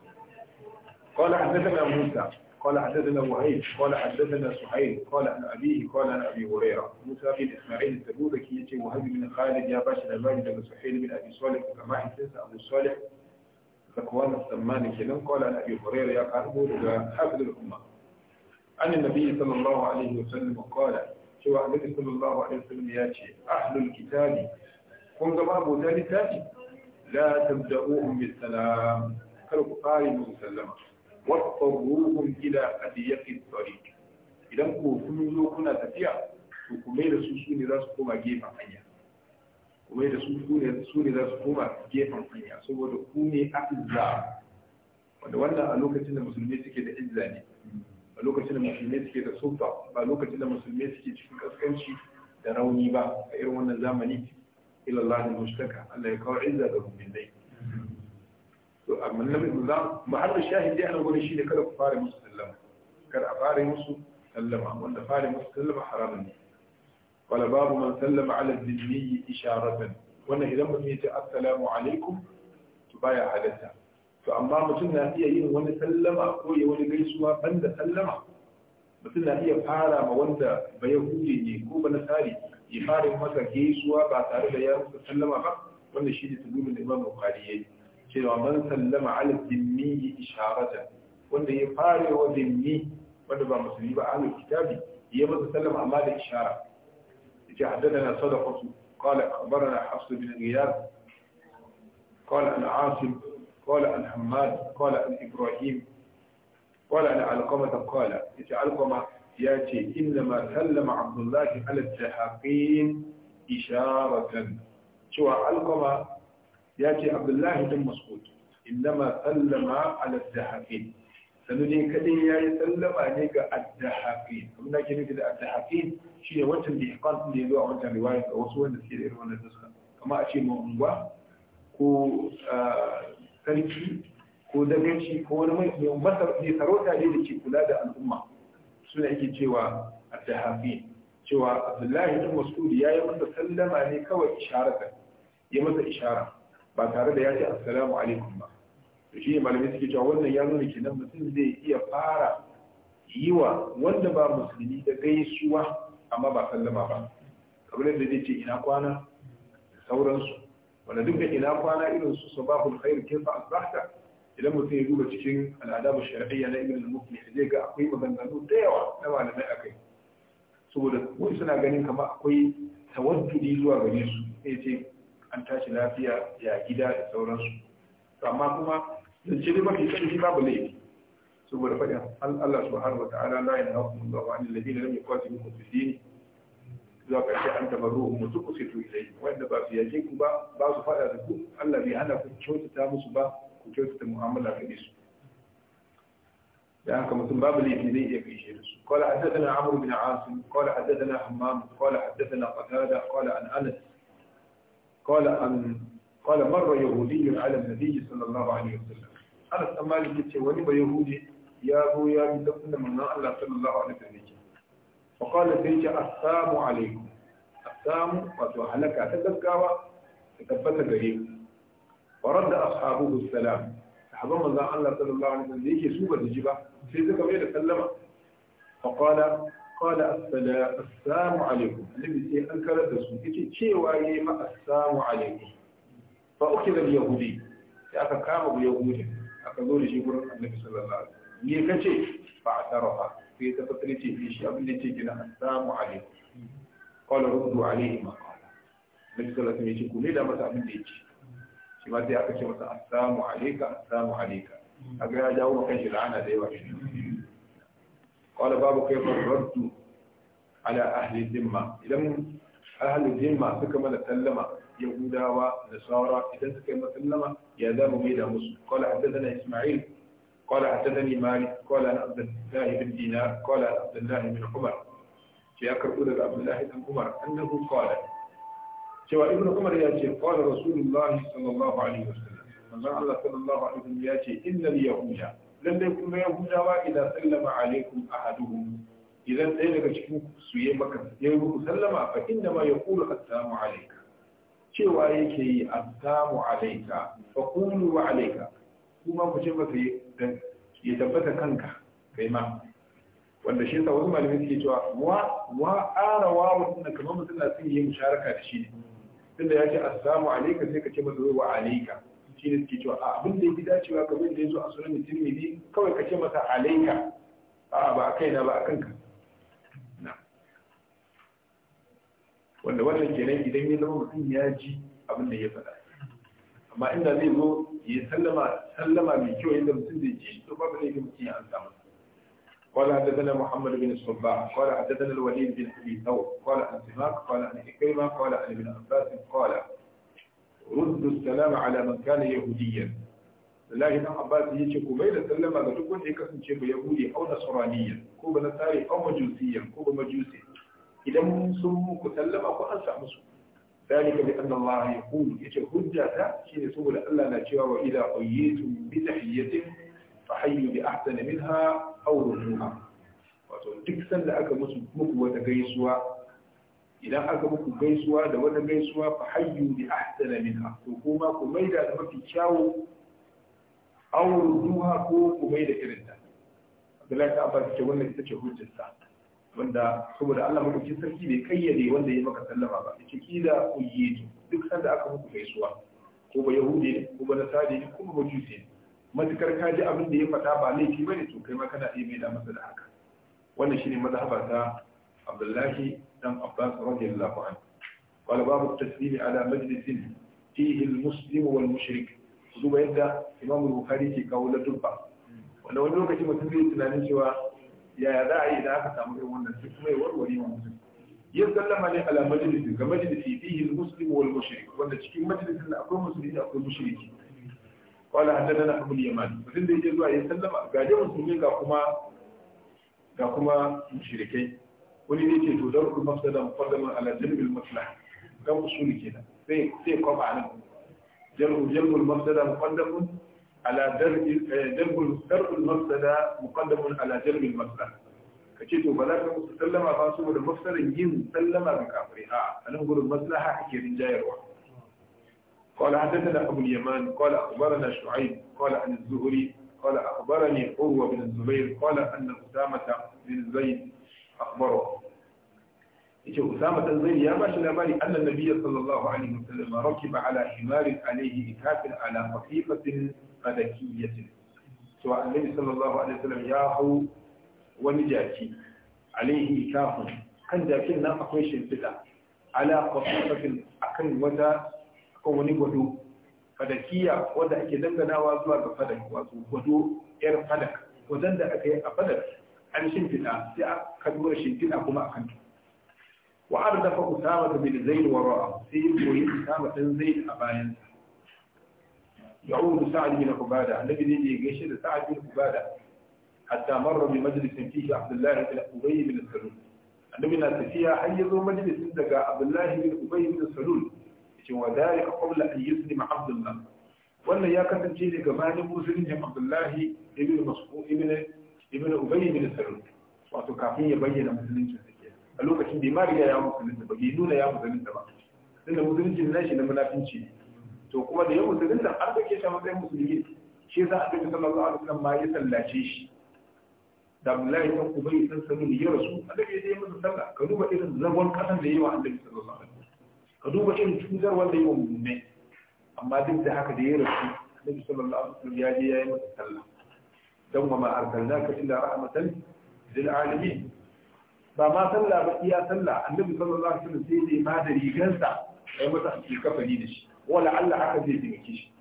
قال حدثنا موسى قال حدثنا وهيب قال حدثنا سحيل قال عن أبيه قال عن أبي هريرة موسى بن إسماعيل التبوذكي يجي وهبي بن خالد يا باشا الماجد بن سحيل بن أبي صالح كما حدث أبو صالح ذكوان السمان كنا قال عن أبي هريرة يا قاربه حافظ الأمة عن النبي صلى الله عليه وسلم قال cewa annabi sallallahu alaihi wasallam ya ce ahlul kitabi kun ga babu da littafi la tabda'uhum bis salam kar ku fara sallama idan ku kun zo kuna tafiya to ku mai da su su ne za su koma gefen hanya ku mai da su su ne za su koma gefen hanya saboda ku ne afza wanda wannan a lokacin da musulmi suke da izza ne ba lokacin da musulmi suke da sufa ba lokacin da musulmi suke cikin kaskanci da rauni ba a irin wannan zamani ila Allah mustaka Allah ya kawo izza ga mu'minai to amma nabi Islam da shahidi ana gurin shi ne kada ku fara musu sallama kada a fara musu sallama wanda fara musu sallama haramun ne wala babu man sallama ala dhimmi isharatan wannan idan mutum ya ce assalamu alaikum to baya halatta to amma mutum na iya yin wani sallama ko ya wani gaisuwa banda sallama mutum na iya fara ma wanda ba ya huye ne ko ba nasari ya fara masa gaisuwa ba tare da ya musu sallama ba wanda shi ne tudurin da imam bukhari ya yi cewa man sallama ala dimmi isharatan wanda ya fara wa dimmi wanda ba musulmi ba ahlul kitabi ya masa sallama amma da ishara yace haddathana sadaqatu qala akhbarana hafs bin ghiyas قال أنا عاصم قال عن حماد قال عن إبراهيم قال عن علقمة قال إذا علقمة ياتي إنما سلم عبد الله على السحاقين إشارة شو علقمة ياتي عبد الله بن مسعود إنما سلم على السحاقين sanuje kadai yayi sallama ne ga addahafin abin da ke da shi ne wancan da ihqan din da ya a wancan riwaya ga wasu wanda suke da irin wannan suka kuma a ce mu unguwa ko sarki ko dagaci ko wani mai mai sarauta ne da ke kula da al'umma suna yake cewa a addahafi cewa abdullahi ibn mas'ud ya yi masa sallama ne kawai isharatan ya masa ishara ba tare da ya ce assalamu alaikum ba to shi malamai suke cewa wannan ya nuna kenan mutum zai iya fara yi wa wanda ba musulmi da gaisuwa amma ba sallama ba kamar yadda zai ce ina kwana da sauransu wanda duk da ina kwana irin su sabahul khair a asbahta idan mutum ya duba cikin al'adabu shar'iyya na ibn al-mufti zai ga akwai maganganu da yawa na malamai akai saboda wai suna ganin kama akwai tawaddudi zuwa gare su sai ce an tashi lafiya ya gida da sauransu amma kuma zance ne mafi tsarki babu laifi saboda faɗin Allah subhanahu wa ta'ala la yanhaqu Allahu 'anil ladina lam yuqatilukum fid din باب قال حدثنا عمرو بن عاصم قال حدثنا حمام قال حدثنا قتادة قال عن أنس قال أن قال مر يهودي على النبي صلى الله عليه وسلم أنس أمالي كتير ونبى يهودي يا أبو يا بنتنا من الله صلى الله عليه وسلم fa qala sai ce assalamu alaikum assalamu wato halaka ta gaggawa ta tabbata gare ku wa radda ashabuhu salam sahaban manzon Allah sallallahu alaihi da yake su ba ji ba sai suka mai da sallama fa qala qala assalamu alaikum annabi sai an karar da su yace cewa yayi ma assalamu alaikum fa ukila al-yahudi sai aka kama yahudi aka zo da shi gurin annabi kace فاعترف في تفتريته في شابلته جنا السلام عليكم قال ردوا عليه ما قال مثل ما تقولي لا مسا من ديك شما دي أكش مسا السلام عليك السلام عليك أقول يا جاو مكيش العنى دي وشي قال بابا كيف ردوا على أهل الذمة إذا أهل الذمة فكما نتلم يهودا ونصارى إذا كما تلم يا ذا مميدا مسلم قال حدثنا إسماعيل قال حدثني مالك قال عن عبد الله بن دينار قال عن عبد الله بن عمر في أكر أولى عبد الله بن عمر قال cewa ibnu umar ya ce qala rasulullah sallallahu alaihi wasallam manzon Allah sallallahu alaihi wasallam ya ce innal yahuda lalle kuma yahudawa idza sallama alaikum ahaduhum idan ɗaya daga cikin su yayi maka yayi muku sallama fa inna ma yaqulu assalamu alayka cewa yake yi a alayka alayka kuma ku ce masa ya tabbata kanka kai ma wanda shi yasa wasu malamai suke cewa wa wa ara wa wannan kamar mutum na son yi musharaka da shi ne tunda ya ce assalamu alayka sai ka ce masa wa alayka shi ne suke cewa a abin da yake dacewa bin da yazo a sunan tirmidhi kawai ka ce masa alayka a ba kai na ba a kanka wanda wannan kenan idan ya zama mutum ya ji abin da ya faɗa amma inda zai zo ya sallama sallama mai kyau inda mutum zai ji قال حدثنا محمد بن الصباح قال حدثنا الوليد بن ابي ثور قال عن سماك قال عن حكيمه قال عن ابن عباس قال رد السلام على من كان يهوديا لله ابن عباس يجي قبيل سلم على تكون هيك سنشيب يهودي او نصرانيا كوب نصاري او مجوسيا كوب مجوسي اذا سموك سلم او مسلم ذلك بأن الله يقول يتهجة حين سبل ألا نجوى وإذا حييتم بتحية فحيوا بأحسن منها أو ردوها duk sanda aka musu wata gaisuwa idan aka muku gaisuwa da wata gaisuwa fa hayyu bi ahsana minha to kuma ku maida da mafi kyawu aw ruduha ko ku maida irin ta Abdullahi ta Abbas ce wannan ita ce hujjar wanda saboda Allah madaukakin sarki bai kayyade wanda ya maka sallama ba yace kila uyidu duk sanda aka muku gaisuwa ko ba yahudi ne ko ba nasari ko ba majusi matukar ka ji abin da ya fada ba laifi bane to kai ma kana iya mai da masa da haka wannan shine mazhaba ta Abdullahi dan Abbas radiyallahu anhu qala babu taslim ala majlisin fihi al-muslim wal mushrik duba yadda Imam Bukhari ke kawo ladubba wanda wani lokaci mutum zai tunanin cewa yaya za a yi da aka samu irin wannan duk mai warware wa mutum yin sallama ne ala majalisi ga majalisi fihi muslim wal mushrik wanda cikin majalisin da akwai musulmi akwai mushriki qala na abin al-yaman mutum da yake zuwa yin sallama ga dai musulmi ga kuma ga kuma mushrikai wani ne ke to darul mafsada muqaddaman ala jalb al ga dan usuli kenan sai sai kwaba nan jalb jalb al-mafsada على درب آه، درب المفسد مقدم على درب المفسد كيتو بلا سلم فاسو المفسد ين سلم الكافر ها انا نقول المصلحه كي نجاير قال حدثنا ابو اليمان قال اخبرنا شعيب قال عن الزهري قال اخبرني قوة بن الزبير قال ان اسامه بن زيد اخبره إذا أسامة زيد يا باشا لبالي أن النبي صلى الله عليه وسلم ركب على حمار عليه إكاف على خفيفة sadakiyatin to annabi sallallahu alaihi wasallam ya hau wani jaki alaihi kafin kan jakin nan akwai shimfiɗa ala kwafafafin akan wata akan wani gwado fadakiya wanda ake danganawa zuwa ga fadak wato gwado yar fadak wajen da aka yi a fadak an shimfiɗa sai aka dora shimfiɗa kuma akan ta wa arda fa usama bin zaid wa ra'a sai koyi usama din zaid a bayansa يعود سعد بن عبادة الذي يجي يشهد سعد بن عبادة حتى مر بمجلس فيه عبد الله بن أبي بن سلول النبي ناتفيها حيز مجلس دقى عبد الله بن أبي بن سلول وذلك قبل أن يسلم عبد الله وأن يا كتب جيل جمال مسلم عبد الله ابن مسعود ابن ابن أبي بن سلول وتكافي يبين مسلم a lokacin da ya mariya ya musulunta ba bai nuna ya musulunta ba tunda musulunci na shi na munafinci ne to kuma da yau, da nan an dauke shi a matsayin musulmi shi za a dauke sallallahu alaihi wasallam ma ya sallace shi da Abdullahi ibn Ubay ibn Salul ya rasu annabi ya yi masa sallah ka duba irin zagon kasan da yayi wa annabi sallallahu alaihi wasallam ka duba irin cutar wanda yayi wa mu'mini amma duk da haka da ya rasu annabi sallallahu alaihi wasallam ya je ya yi masa sallah dan wa ma arsalnaka illa rahmatan lil alamin ba ma sallah ba iya sallah annabi sallallahu alaihi wasallam sai ya ma da rigansa ai masa kafani da shi wala Allah haka zai taimake shi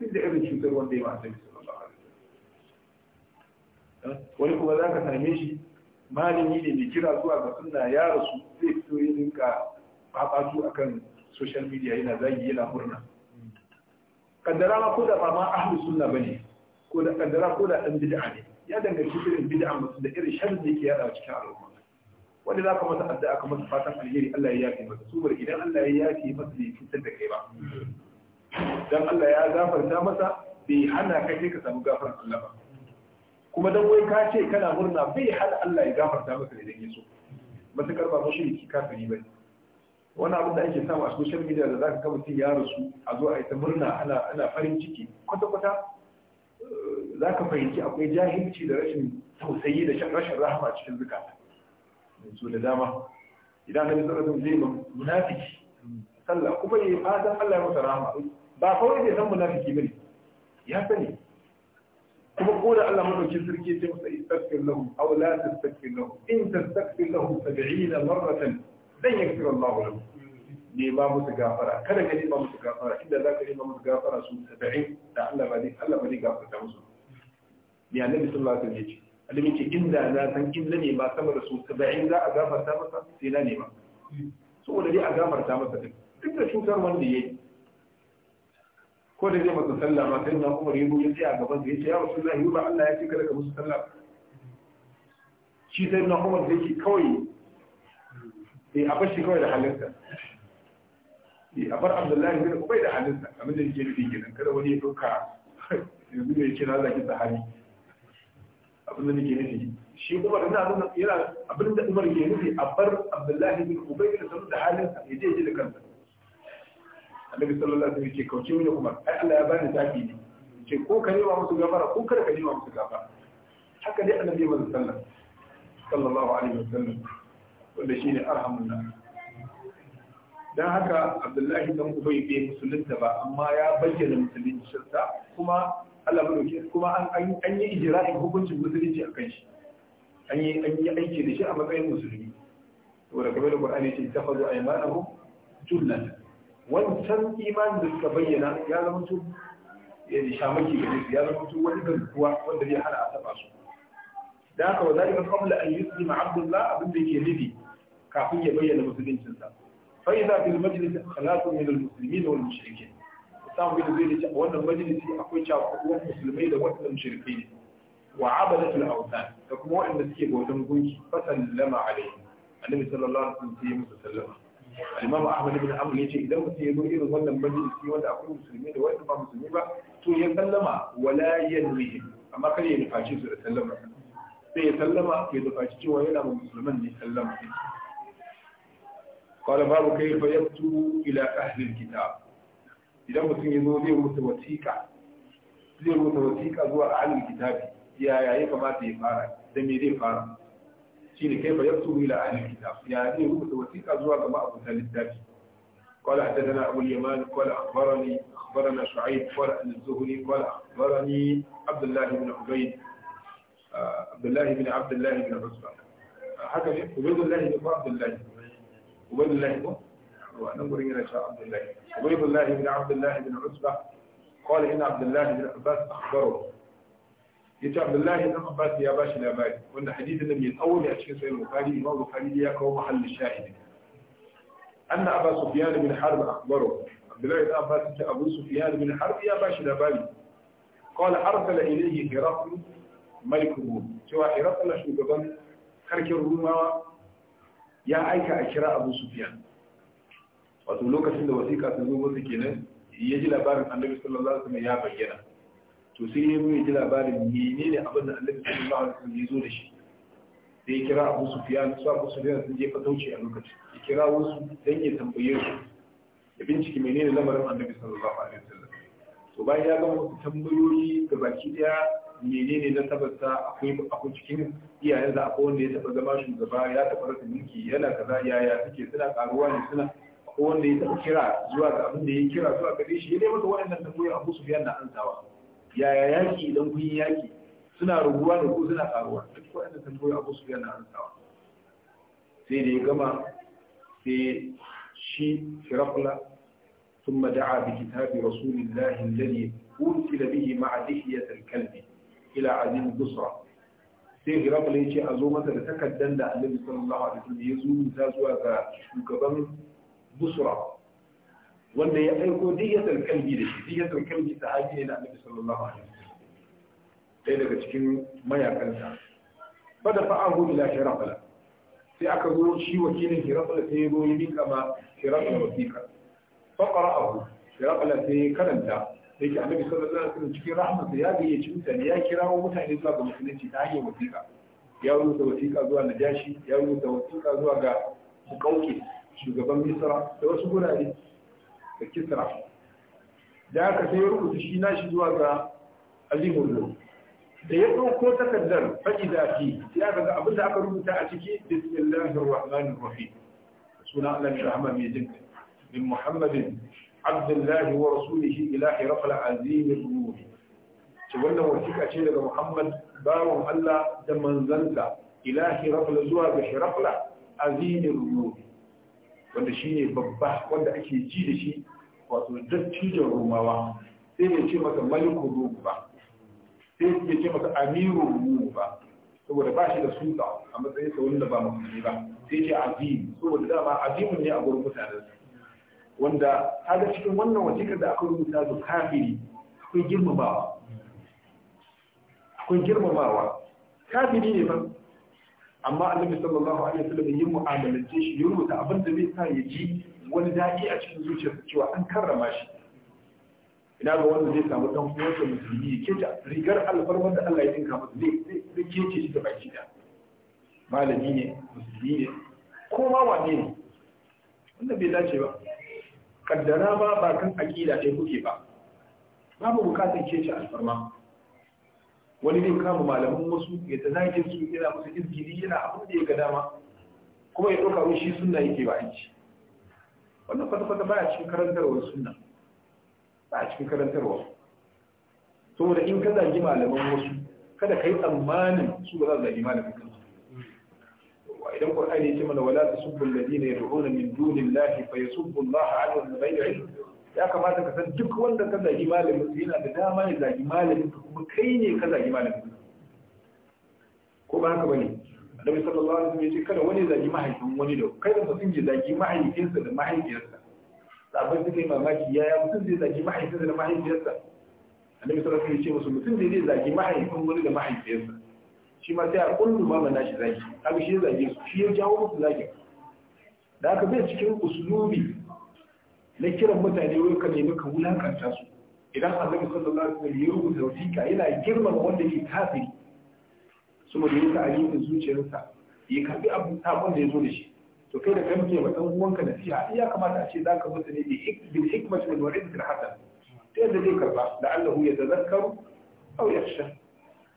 duk da irin cutar wanda ya ma annabi sallallahu eh, wani kuma za ka same shi malami ne mai kira zuwa ga sunna ya rasu zai fito yi rinka babatu akan social media yana zagi yana murna kaddara ma ko da ba ma ahlus sunna ne ko da kaddara ko da ɗan bid'a ne ya danganci irin bid'a masu da irin sharri da yake yada cikin al'umma wanda za ka masa addu'a ka masa fatan alheri Allah ya yafe masa su idan Allah ya yafe masa bai cutar da kai ba dan Allah ya gafarta masa bai hana kai ka samu gafaran Allah ba kuma dan wai ka ce kana murna bai hana Allah ya gafarta maka idan ya so matukar ba mushriki kafiri bane wani abin da ake samu a social media da zaka ga mutum ya rasu a zo a yi ta murna ana farin ciki kwata kwata eh, zaka fahimci akwai jahilci da rashin tausayi da rashin rahama cikin zukata su da dama idan annabi sallallahu alaihi wasallam zai munafiki sallah kuma yayi fatan Allah ya masa rahama ba kawai bai san munafiki bane ya sani kuma ko da Allah madaukin sarki ya ce masa istaghfir lahum aw la tastaghfir lahum in tastaghfir lahum 70 marratan dan yaghfir Allah lahum ne ba musu gafara kada ka ne ba musu gafara inda zaka ne ba musu gafara su 70 da Allah ba zai Allah ba zai gafarta musu ne annabi sallallahu alaihi wasallam ya ce alimin ce inda na san inda ne ba sama da su saba'in za a gafarta masa sai na nema da dai a gafarta masa duk duk da cutar wanda ya yi ko da zai masa sallah ma sai na umar yi ya tsaya a gaban sa ya ce ya rasulullahi ba Allah ya ce kada ka musu sallah shi sai na umar da yake kawai eh a bar shi kawai da halinsa eh a bar abdullahi ko bai da halinsa abin da yake nufi kenan kada wani ya dauka yanzu ne ya ce na zaki sahabi abin da nake nufi shi kuma da nan yana abin da Umar ke nufi a bar Abdullahi bin Ubay da sanin da halin sa ya je da kansa Annabi sallallahu alaihi wasallam ce kauce mini kuma ai Allah ya bani zafi ne ce ko ka nema musu gafara ko kar ka nema musu gafara haka dai Annabi manzo sallallahu sallallahu alaihi wasallam wanda shine arhamun nas dan haka Abdullahi dan Ubay bai musulunta ba amma ya bayyana musuluncinsa kuma Allah madauki kuma an yi ijra'in hukuncin musulunci a kan shi an yi aiki da shi a matsayin musulmi saboda kamar da Qur'ani ce ta fazo aymanahum junnat wancan imanin da suka bayyana ya zama to ya shamaki ga su ya zama to wani garkuwa wanda zai hana a taɓa su da haka wazalika qabla an ma Abdullah abin da yake nufi kafin ya bayyana musuluncinsa fa idza fil majlis khalatun min al-muslimin wal mushrikin za mu zai ce a wannan majalisi akwai cakuɗuwar musulmai da waɗannan shirke ne wa abadatul awtan da kuma waɗanda suke bautan gunki fa sallama alaihi annabi sallallahu alaihi wasallam ya musu sallama al-imam ahmad ibn amr yace idan mutum ya zo irin wannan majalisi wanda akwai musulmai da wanda ba musulmi ba to ya sallama wala yanwihi amma kar ya nufaci su da sallama sai ya sallama ya nufaci cewa yana ma musulman ne sallama قال باب كيف يكتب إلى أهل الكتاب idan mutum ya zo zai rubuta wasiƙa zai rubuta wasiƙa zuwa ga ahlul kitabi yaya ya kamata ya fara da me zai fara shi ne kaifa yaktubu ila ahlul kitab ya zai rubuta wasiƙa zuwa ga ma'abuta littafi قال حدثنا أبو اليمان قال أخبرني أخبرنا شعيب قال أن الزهري قال أخبرني عبد الله بن عبيد عبد الله بن عبد الله بن عثمان حكى عبيد الله بن عبد الله عبيد الله wannan gurin yana cewa abdullahi ubaydullah ibn abdullah ibn usba qala inna abdullah ibn abbas akhbaro yace ya bashi labari wanda hadisin da mai tsawo ne a cikin sahih bukhari ya kawo mahallin shahidi abu sufyan قال أرسل إليه هرقل ملك الروم سوى هرقل شو الروم يا أيك أبو سفيان wato lokacin da wasiƙa ta zo masa kenan ya ji labarin annabi sallallahu alaihi wasallam ya bayyana to sai ya ya ji labarin menene abin da annabi sallallahu alaihi wasallam ya zo da shi sai ya kira Abu Sufyan su Abu Sufyan sun je fatauci a lokacin ya kira wasu dan ya tambaye su ya bincike menene lamarin annabi sallallahu alaihi wasallam to bayan ya gama wasu tambayoyi ga baki daya menene na tabbata akwai akwai cikin iyayen da akwai wanda ya taba zama shugaba ya taba rasa mulki yana kaza yaya suke suna karuwa ne suna ko wanda ya taɓa kira zuwa ga abin da ya kira zuwa gare shi ya dai masa waɗannan tambayoyi Abu musu biyan na ansawa yaya yaki idan kun yi yaki suna rubuwa da ku suna karuwa duk waɗannan tambayoyi Abu musu biyan na ansawa sai da ya gama sai shi firafla sun mada'a da kitabi rasulillahi alladhi ursila bihi ma'a dihiyat al-kalbi ila azim busra sai firafla ya ce a zo masa da takaddan da annabi sallallahu alaihi wasallam ya zuwa zuwa ga shugaban busra wanda ya aiko diyatar kalbi da shi diyatar kalbi ta ne da annabi sallallahu alaihi wasallam daga cikin mayakansa bada fa'ahu ila shirafala sai aka zo shi wakilin shirafala sai ya zo ya mika ma shirafala wasiƙa fa qara'ahu shirafala sai karanta sai ki annabi sallallahu alaihi wasallam cikin rahmatsa ya gayyaci mutane ya kirawo mutane zuwa ga musulunci ta hanyar wasiƙa ya rubuta wasiƙa zuwa najashi ya rubuta wasiƙa zuwa ga mukauki shugaban misra da wasu gurare da kisra da aka sai rubuta shi nashi zuwa ga ali da ya ɗauko takardar faɗi da fi sai aka ga abin da aka rubuta a ciki bismillahir rahmanir rahim suna Allah mai rahama mai jin bin muhammadin abdullahi wa rasulihi ilahi rabbal azim ruhi ce wannan wasiƙa ce daga muhammad bawan Allah da manzanta ilahi rabbal zuwa ga shirafla azim ruhi wanda shi ne babba wanda ake ji da shi wato dattijan romawa sai ya ce masa malikul rum ba sai ya ce masa amirul rum ba saboda ba shi da suka a matsayin sa wanda ba mutane ba sai ce azim saboda dama azimun ne a gurin mutanen wanda kaga cikin wannan wajikar da aka rubuta zu kafiri akwai girmamawa akwai girmamawa kafiri ne ba amma annabi sallallahu alaihi wasallam yin mu'amalance shi ya rubuta abin da zai sa ya ji wani daɗi a cikin zuciyarsa cewa an karrama shi ina ga wanda zai samu dan uwansa musulmi ya keta rigar alfarma da Allah ya dinka masa zai zai kece shi da baki da malami ne musulmi ne ko ma wane ne wanda bai dace ba kaddara ba ba kan aqida dai kuke ba babu bukatar kece alfarma wani zai kama malaman wasu ya ta zage su yana musu izgiri yana abin da ya ga dama kuma ya ɗauka wani shi sunna yake ba aiki wannan kwata-kwata baya cikin karantarwar sunna ba a cikin karantarwar. saboda in ka zagi malaman wasu kada ka yi tsammanin su ba za su zagi malamin kansu idan qur'ani ya ce mana wala ta tasubbu alladhina yad'una min dunillahi fa yasubbu allaha 'adwan ghayra ilmin ya kamata ka san duk wanda ka zagi malamin su yana da dama ya zagi malamin su kuma kai ne ka zagi malamin su ko ba haka bane annabi sallallahu alaihi wasallam ya ce kada wani zagi mahaifin wani da kai da mutum ya zagi mahaifinsa da mahaifiyarsa sabon suka yi mamaki ya ya mutum zai zagi mahaifinsa da mahaifiyarsa annabi sallallahu alaihi wasallam ya ce musu mutum zai zagi mahaifin wani da mahaifiyarsa shi ma sai a kullum ba mana shi zagi kaga shi ya zage su shi ya jawo musu zagi da haka bai cikin usulubi na kiran mutane wai ka nemi ka wulakanta su idan annabi sallallahu alaihi wasallam ya rubuta wasiƙa yana girmama wanda yake kafiri kuma da yake ayyukan zuciyarsa ya karbi abin sabon da ya zo da shi to kai da kai muke wa dan uwanka nasiha ya kamata a ce za ka mutu ne bil hikmati wal wa'idatil hasan ta yadda zai karba da Allah ya tazakkaru aw yakhsha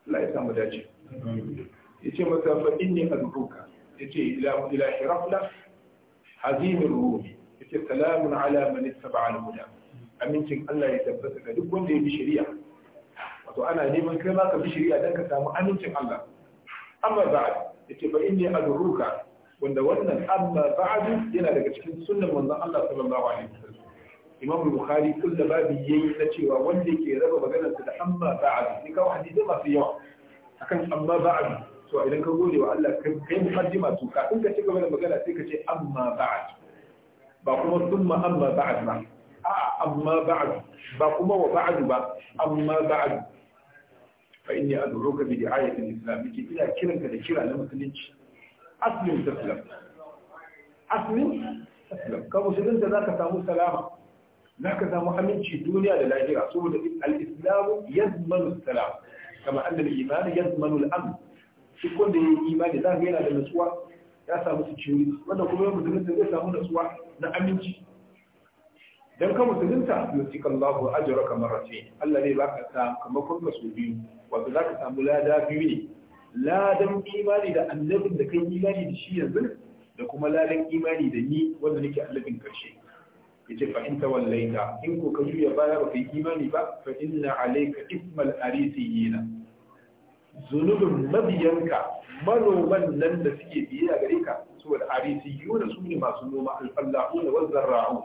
Allah ya samu dace yace masa fa inni ad'uka yace ila ila hirafla hazimur rumi suke salamun ala man ittaba al huda amincin Allah ya tabbata ga duk wanda ya bi shari'a wato ana neman kai ma ka bi shari'a dan ka samu amincin Allah amma ba yace fa inni adruka wanda wannan amma ba'd yana daga cikin sunnan manzon Allah sallallahu alaihi wasallam Imam Bukhari kulla babi yayi na cewa wanda ke raba maganar da amma ba'd ni kawo hadisi masu yawa akan amma ba'd to idan ka gode wa Allah kai mukaddima to In ka ci gaba da magana sai ka ce amma ba'd ba kuma ma'amma ba a ba a'a amma a ba kuma wa ba'd ba amma ba'd fa inni ad'uka bi da'ayatil islamiki. ina kiranka da kira na musulunci aslim taslam aslim taslam ka musulunta zaka samu salama zaka samu aminci duniya da lahira saboda al-islamu yazmanu salam kama anna al-iman yazmanu al-amn shi kun da imani zaka yana da nutsuwa ya samu security wanda kuma musulunta zai samu nutsuwa na aminci dan ka musulunta yusikan Allahu kamar marratayn Allah zai baka sakamakon ka su biyu za zaka samu lada biyu ne ladan imani da annabin da kai imani da shi yanzu da kuma ladan imani da ni wanda nake annabin karshe ce fa in ta, in ko ka juya baya ba kai imani ba fa inna alayka ismal arisiyina zunubin mabiyanka manoman nan da suke biye a gare ka saboda harisiyuna su ne masu noma alfallahu da wazzar ra'u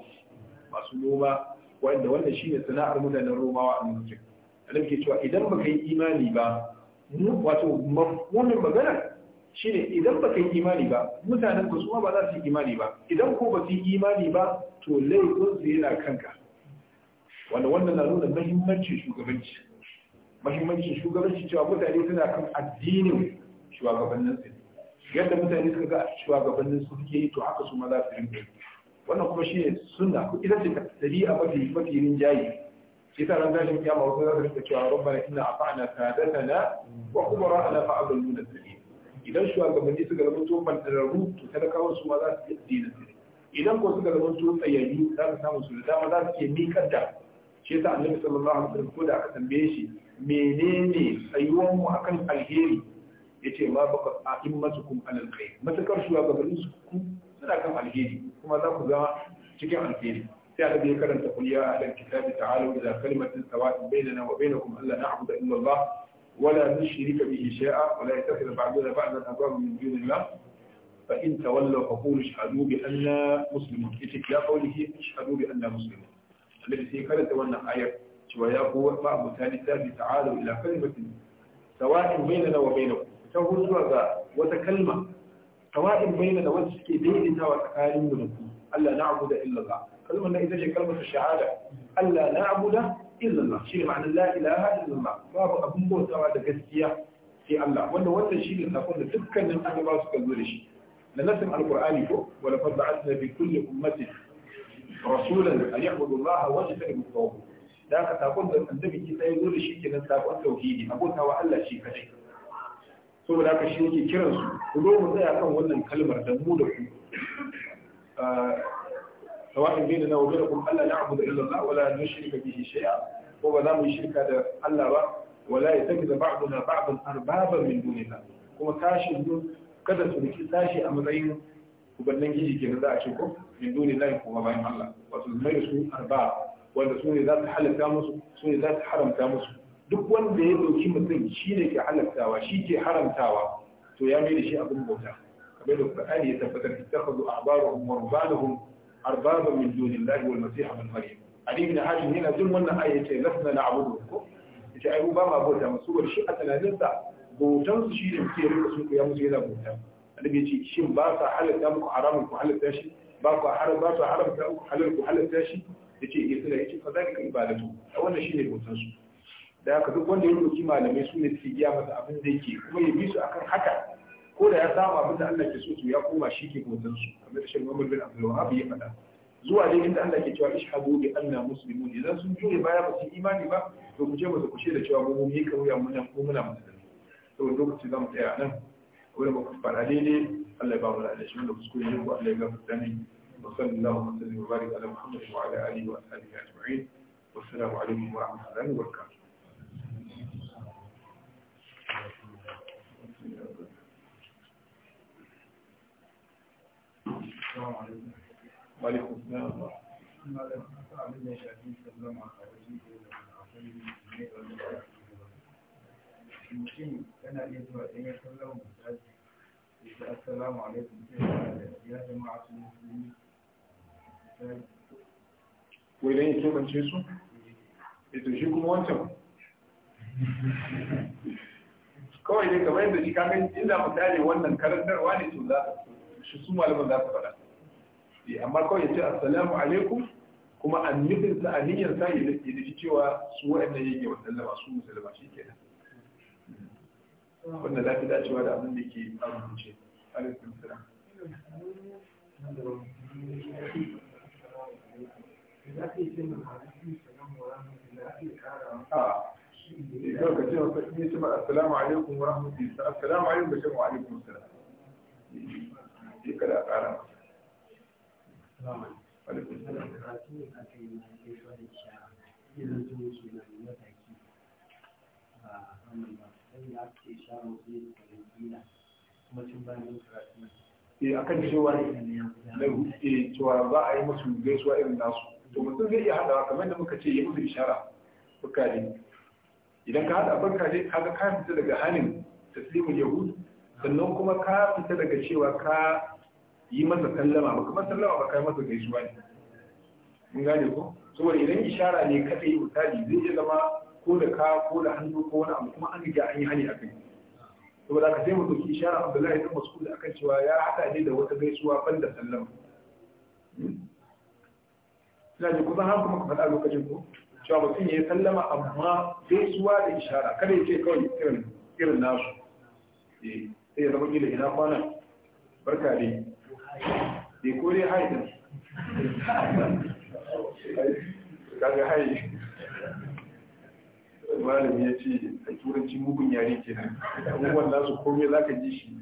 masu noma wanda wannan shine sana'ar mutanen romawa a lokacin annabi ke cewa idan baka yi imani ba wato mafhumin magana shine idan baka yi imani ba mutanen ku su ba za su yi imani ba idan ko ba su yi imani ba to laifin su yana kanka wanda wannan na nuna muhimmancin shugabanci mahimmancin shugabanci cewa mutane suna kan addinin shugabannin su yadda mutane suka ga shugabannin su suke yi to haka su ma za su rinka wannan kuma shi ne sunna ko ita ce dabi'a mafi mafi rinjaye shi ta ran gashin kiyama wasu za su rinka cewa rabbana inna ata'na sadatana wa ra'ana fa nuna sabil idan shugabanni suka zama to bandararru to talakawa su ma za su yi dinin idan ko suka zama to tsayayyu za su samu su da dama za su iya miƙar da shi ta annabi sallallahu alaihi wasallam ko da aka tambaye shi menene tsayuwan mu akan alheri yace ma baka a'immatukum alal khair matakar garin su kuma suna kan alheri kuma za ku zama cikin alheri sai aka je karanta kul ya ahlal kitabi ta'alu ila kalimatin sawa'in bainana wa bainakum alla na'budu illa Allah ولا نشرك به شيئا ولا يتخذ بعضنا بعضا أبوابا من دون الله فإن تولوا فقولوا اشهدوا bi مسلمون إتكلا قوله اشهدوا karanta wannan الذي سيكرت وانا آية شوية قوة ما أبو ثالثة تعالوا إلى كلمة سواء بيننا وبينكم Ta zuwa ga wata kalma tawa'in baina da wanda suke daidaitawa tsakanin mu da ku Allah na abu da illallah kalmar nan ita ce kalmar shahada Allah na abu da illallah shi ne ma'anar la ilaha illallah babu abin bautawa da gaskiya sai Allah wanda wannan shi ne sakon da dukkanin annabawa suka zo da shi Na nasin alqur'ani ko wa la fadda asna bi kulli ummatin rasulan an ya'budu Allah wa yajtanibu tawhid da ka sakon da annabi ki sai zo da shi kenan sakon tauhidi abotawa Allah shi kadai da haka shi yake kiran su ku zo mu tsaya kan wannan kalmar da mu da ku ah, sawa'in bainana na da kuma Allah ya abu da illa Allah wala nushrika bihi shay'a ko ba za mu yi shirka da Allah ba wala ya tafi da yattakhidha ba'duna ba'dan arbaban min dunillah kuma kashin mu kada su riki tashi a matsayin ubangiji kenan za a ce ko min dunillah ko bayan Allah wato mai su arba wanda su ne za su halatta musu su ne za su haramta musu duk wanda ya dauki mutum shi ne ke halartawa shi ke haramtawa to ya mai da shi abin bauta kamar da Qur'ani ya tabbatar ittakhadhu ahbarahum wa rubbanahum arbaban min dunillahi wal masih ibn maryam ali ibn hajim yana jin wannan aya ce lafna na'budu ko yace ai ba ma bauta musu wal shi a tunanin sa bautan su shi ne ke rika sun ku ya musu yana bauta annabi ya ce shin ba sa halarta muku haramun ku halarta shi ba ku haram ba su haramta muku halal ku halarta shi yace ya tsira yace fa zalika ibadatu wannan shine bautan su da haka duk wanda ya roki malamai su ne suke giya masa abin da yake kuma ya bi su akan haka ko da ya samu abin da Allah ke so su ya koma shi ke bautan su kamar da Sheikh Muhammad bin Abdul Wahhab ya faɗa zuwa dai inda Allah ke cewa ishhadu bi anna muslimun idan sun juye baya ba su imani ba to mu je mu kushe da cewa mu mu ka wuya muna ko muna musulmi to lokaci zamu tsaya nan wani ba ku fara daidai Allah ya ba mu da shi wanda kuskure ne ko Allah ya gafarta ni wa sallallahu alaihi wa sallam wa barik ala muhammadin wa ala alihi wa ashabihi ajma'in wassalamu alaikum wa rahmatullahi wa barakatuh mutum yana iya su eh shi kuma wancan kawai dai kamar yadda shi kakan inda mutane wannan karantarwa ne to za su su malaman za su faɗa amma kawai ya ce assalamu alaikum kuma an nufin sa a niyyar sa ya nufi cewa su ya yake wa sallama su musulma shi da. wannan lafi dacewa da abin da ke amince alaikum salam ah, wa alaikum ورحمة الله السلام عليكم ورحمة الله Eh, a kan cewa na rufe cewa ba a yi masu gaisuwa irin nasu to mutum zai iya haɗawa kamar da muka ce ya musu ishara bukari idan ka haɗa bukari kaga ka fita daga hannun taslimin yahud sannan kuma ka fita daga cewa ka yi masa sallama ba kuma sallama ba kai masa gaisuwa ne mun gane ko saboda idan ishara ne kadai misali zai iya zama ko da ka ko da hannu ko wani abu kuma an riga an yi hani akai saboda ka sai mu ishara Abdullahi ibn Mas'ud akan cewa ya haɗa ne da wata gaisuwa ban da sallama ina ji kusan har kuma ka faɗa lokacin ko cewa mutum ya yi sallama amma gaisuwa da ishara kada ya ce kawai irin irin nasu eh, sai ya zama gida ina kwana barka dai da kore haidin kaga hai malam ya ce a turanci mugun yare ke nan abubuwan nasu komai za ka ji shi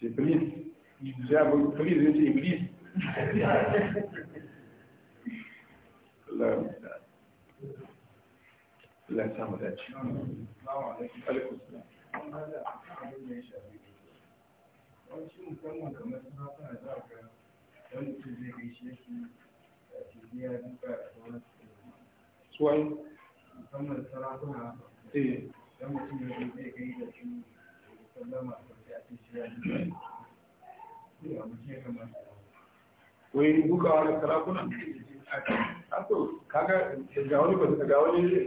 ce please sai abin please ya ce iblis Allah ya samu dace. yawanci musamman kamar suna za a ga wani mutum zai gaishe su da shi duka da sauransu suwai musamman sarakuna eh dan mutum ya zai gai da shi sallama duka ya mutum ya wai sarakuna ato ah, kaga ga wani ba ga wani ne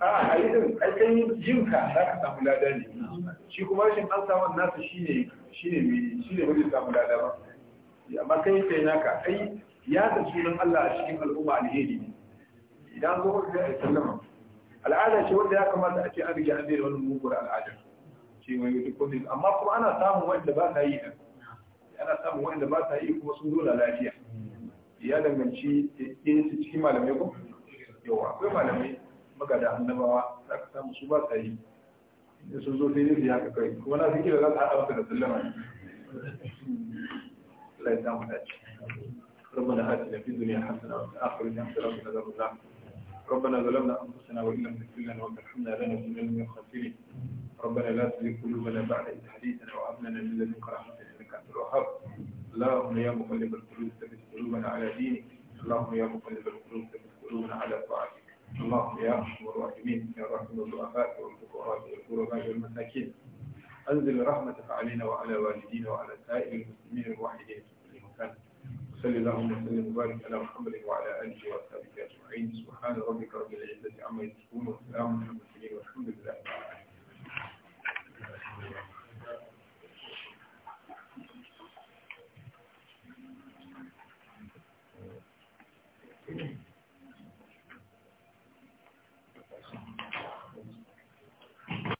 a hadisin aikin yin ka za ka samu lada ne shi kuma rashin an samu nasa shine shine mai shine wani samu lada ba amma kai yi kai naka ai ya ta sunan Allah a cikin al'umma alheri ne idan zo ka ga sallama al'ada ce wanda ya kamata a ce an rige an daina wani mugun al'ada ce mai duk komai amma kuma ana samun wanda ba ta yi din ana samun wanda ba ta yi kuma sun zo lafiya ya danganci ɗin su cikin malamai ko yawa akwai malamai magada annabawa za ka samu su ba sa yi da sun zo sai ne ya ka kai kuma na fi kira za su haɗa maka da sallama Allah ya samu dace ربنا آتنا في الدنيا حسنة وفي الآخرة حسنة وقنا عذاب النار ربنا ظلمنا أنفسنا وإن لم تغفر لنا وترحمنا لنكونن من الخاسرين ربنا لا تزغ قلوبنا بعد إذ هديتنا وهب لنا من لدنك رحمة إنك أنت الوهاب اللهم يا مقلب القلوب ثبت قلوبنا على دينك اللهم يا مقلب القلوب ثبت قلوبنا على طاعتك اللهم يا ارحم الراحمين يا رحم الضعفاء والفقراء والغرباء والمساكين انزل رحمتك علينا وعلى والدينا وعلى سائر المسلمين الواحدين في كل مكان وصل اللهم وسلم وبارك على محمد وعلى اله وصحبه اجمعين سبحان ربك رب العزه عما يصفون وسلام على المرسلين والحمد لله رب العالمين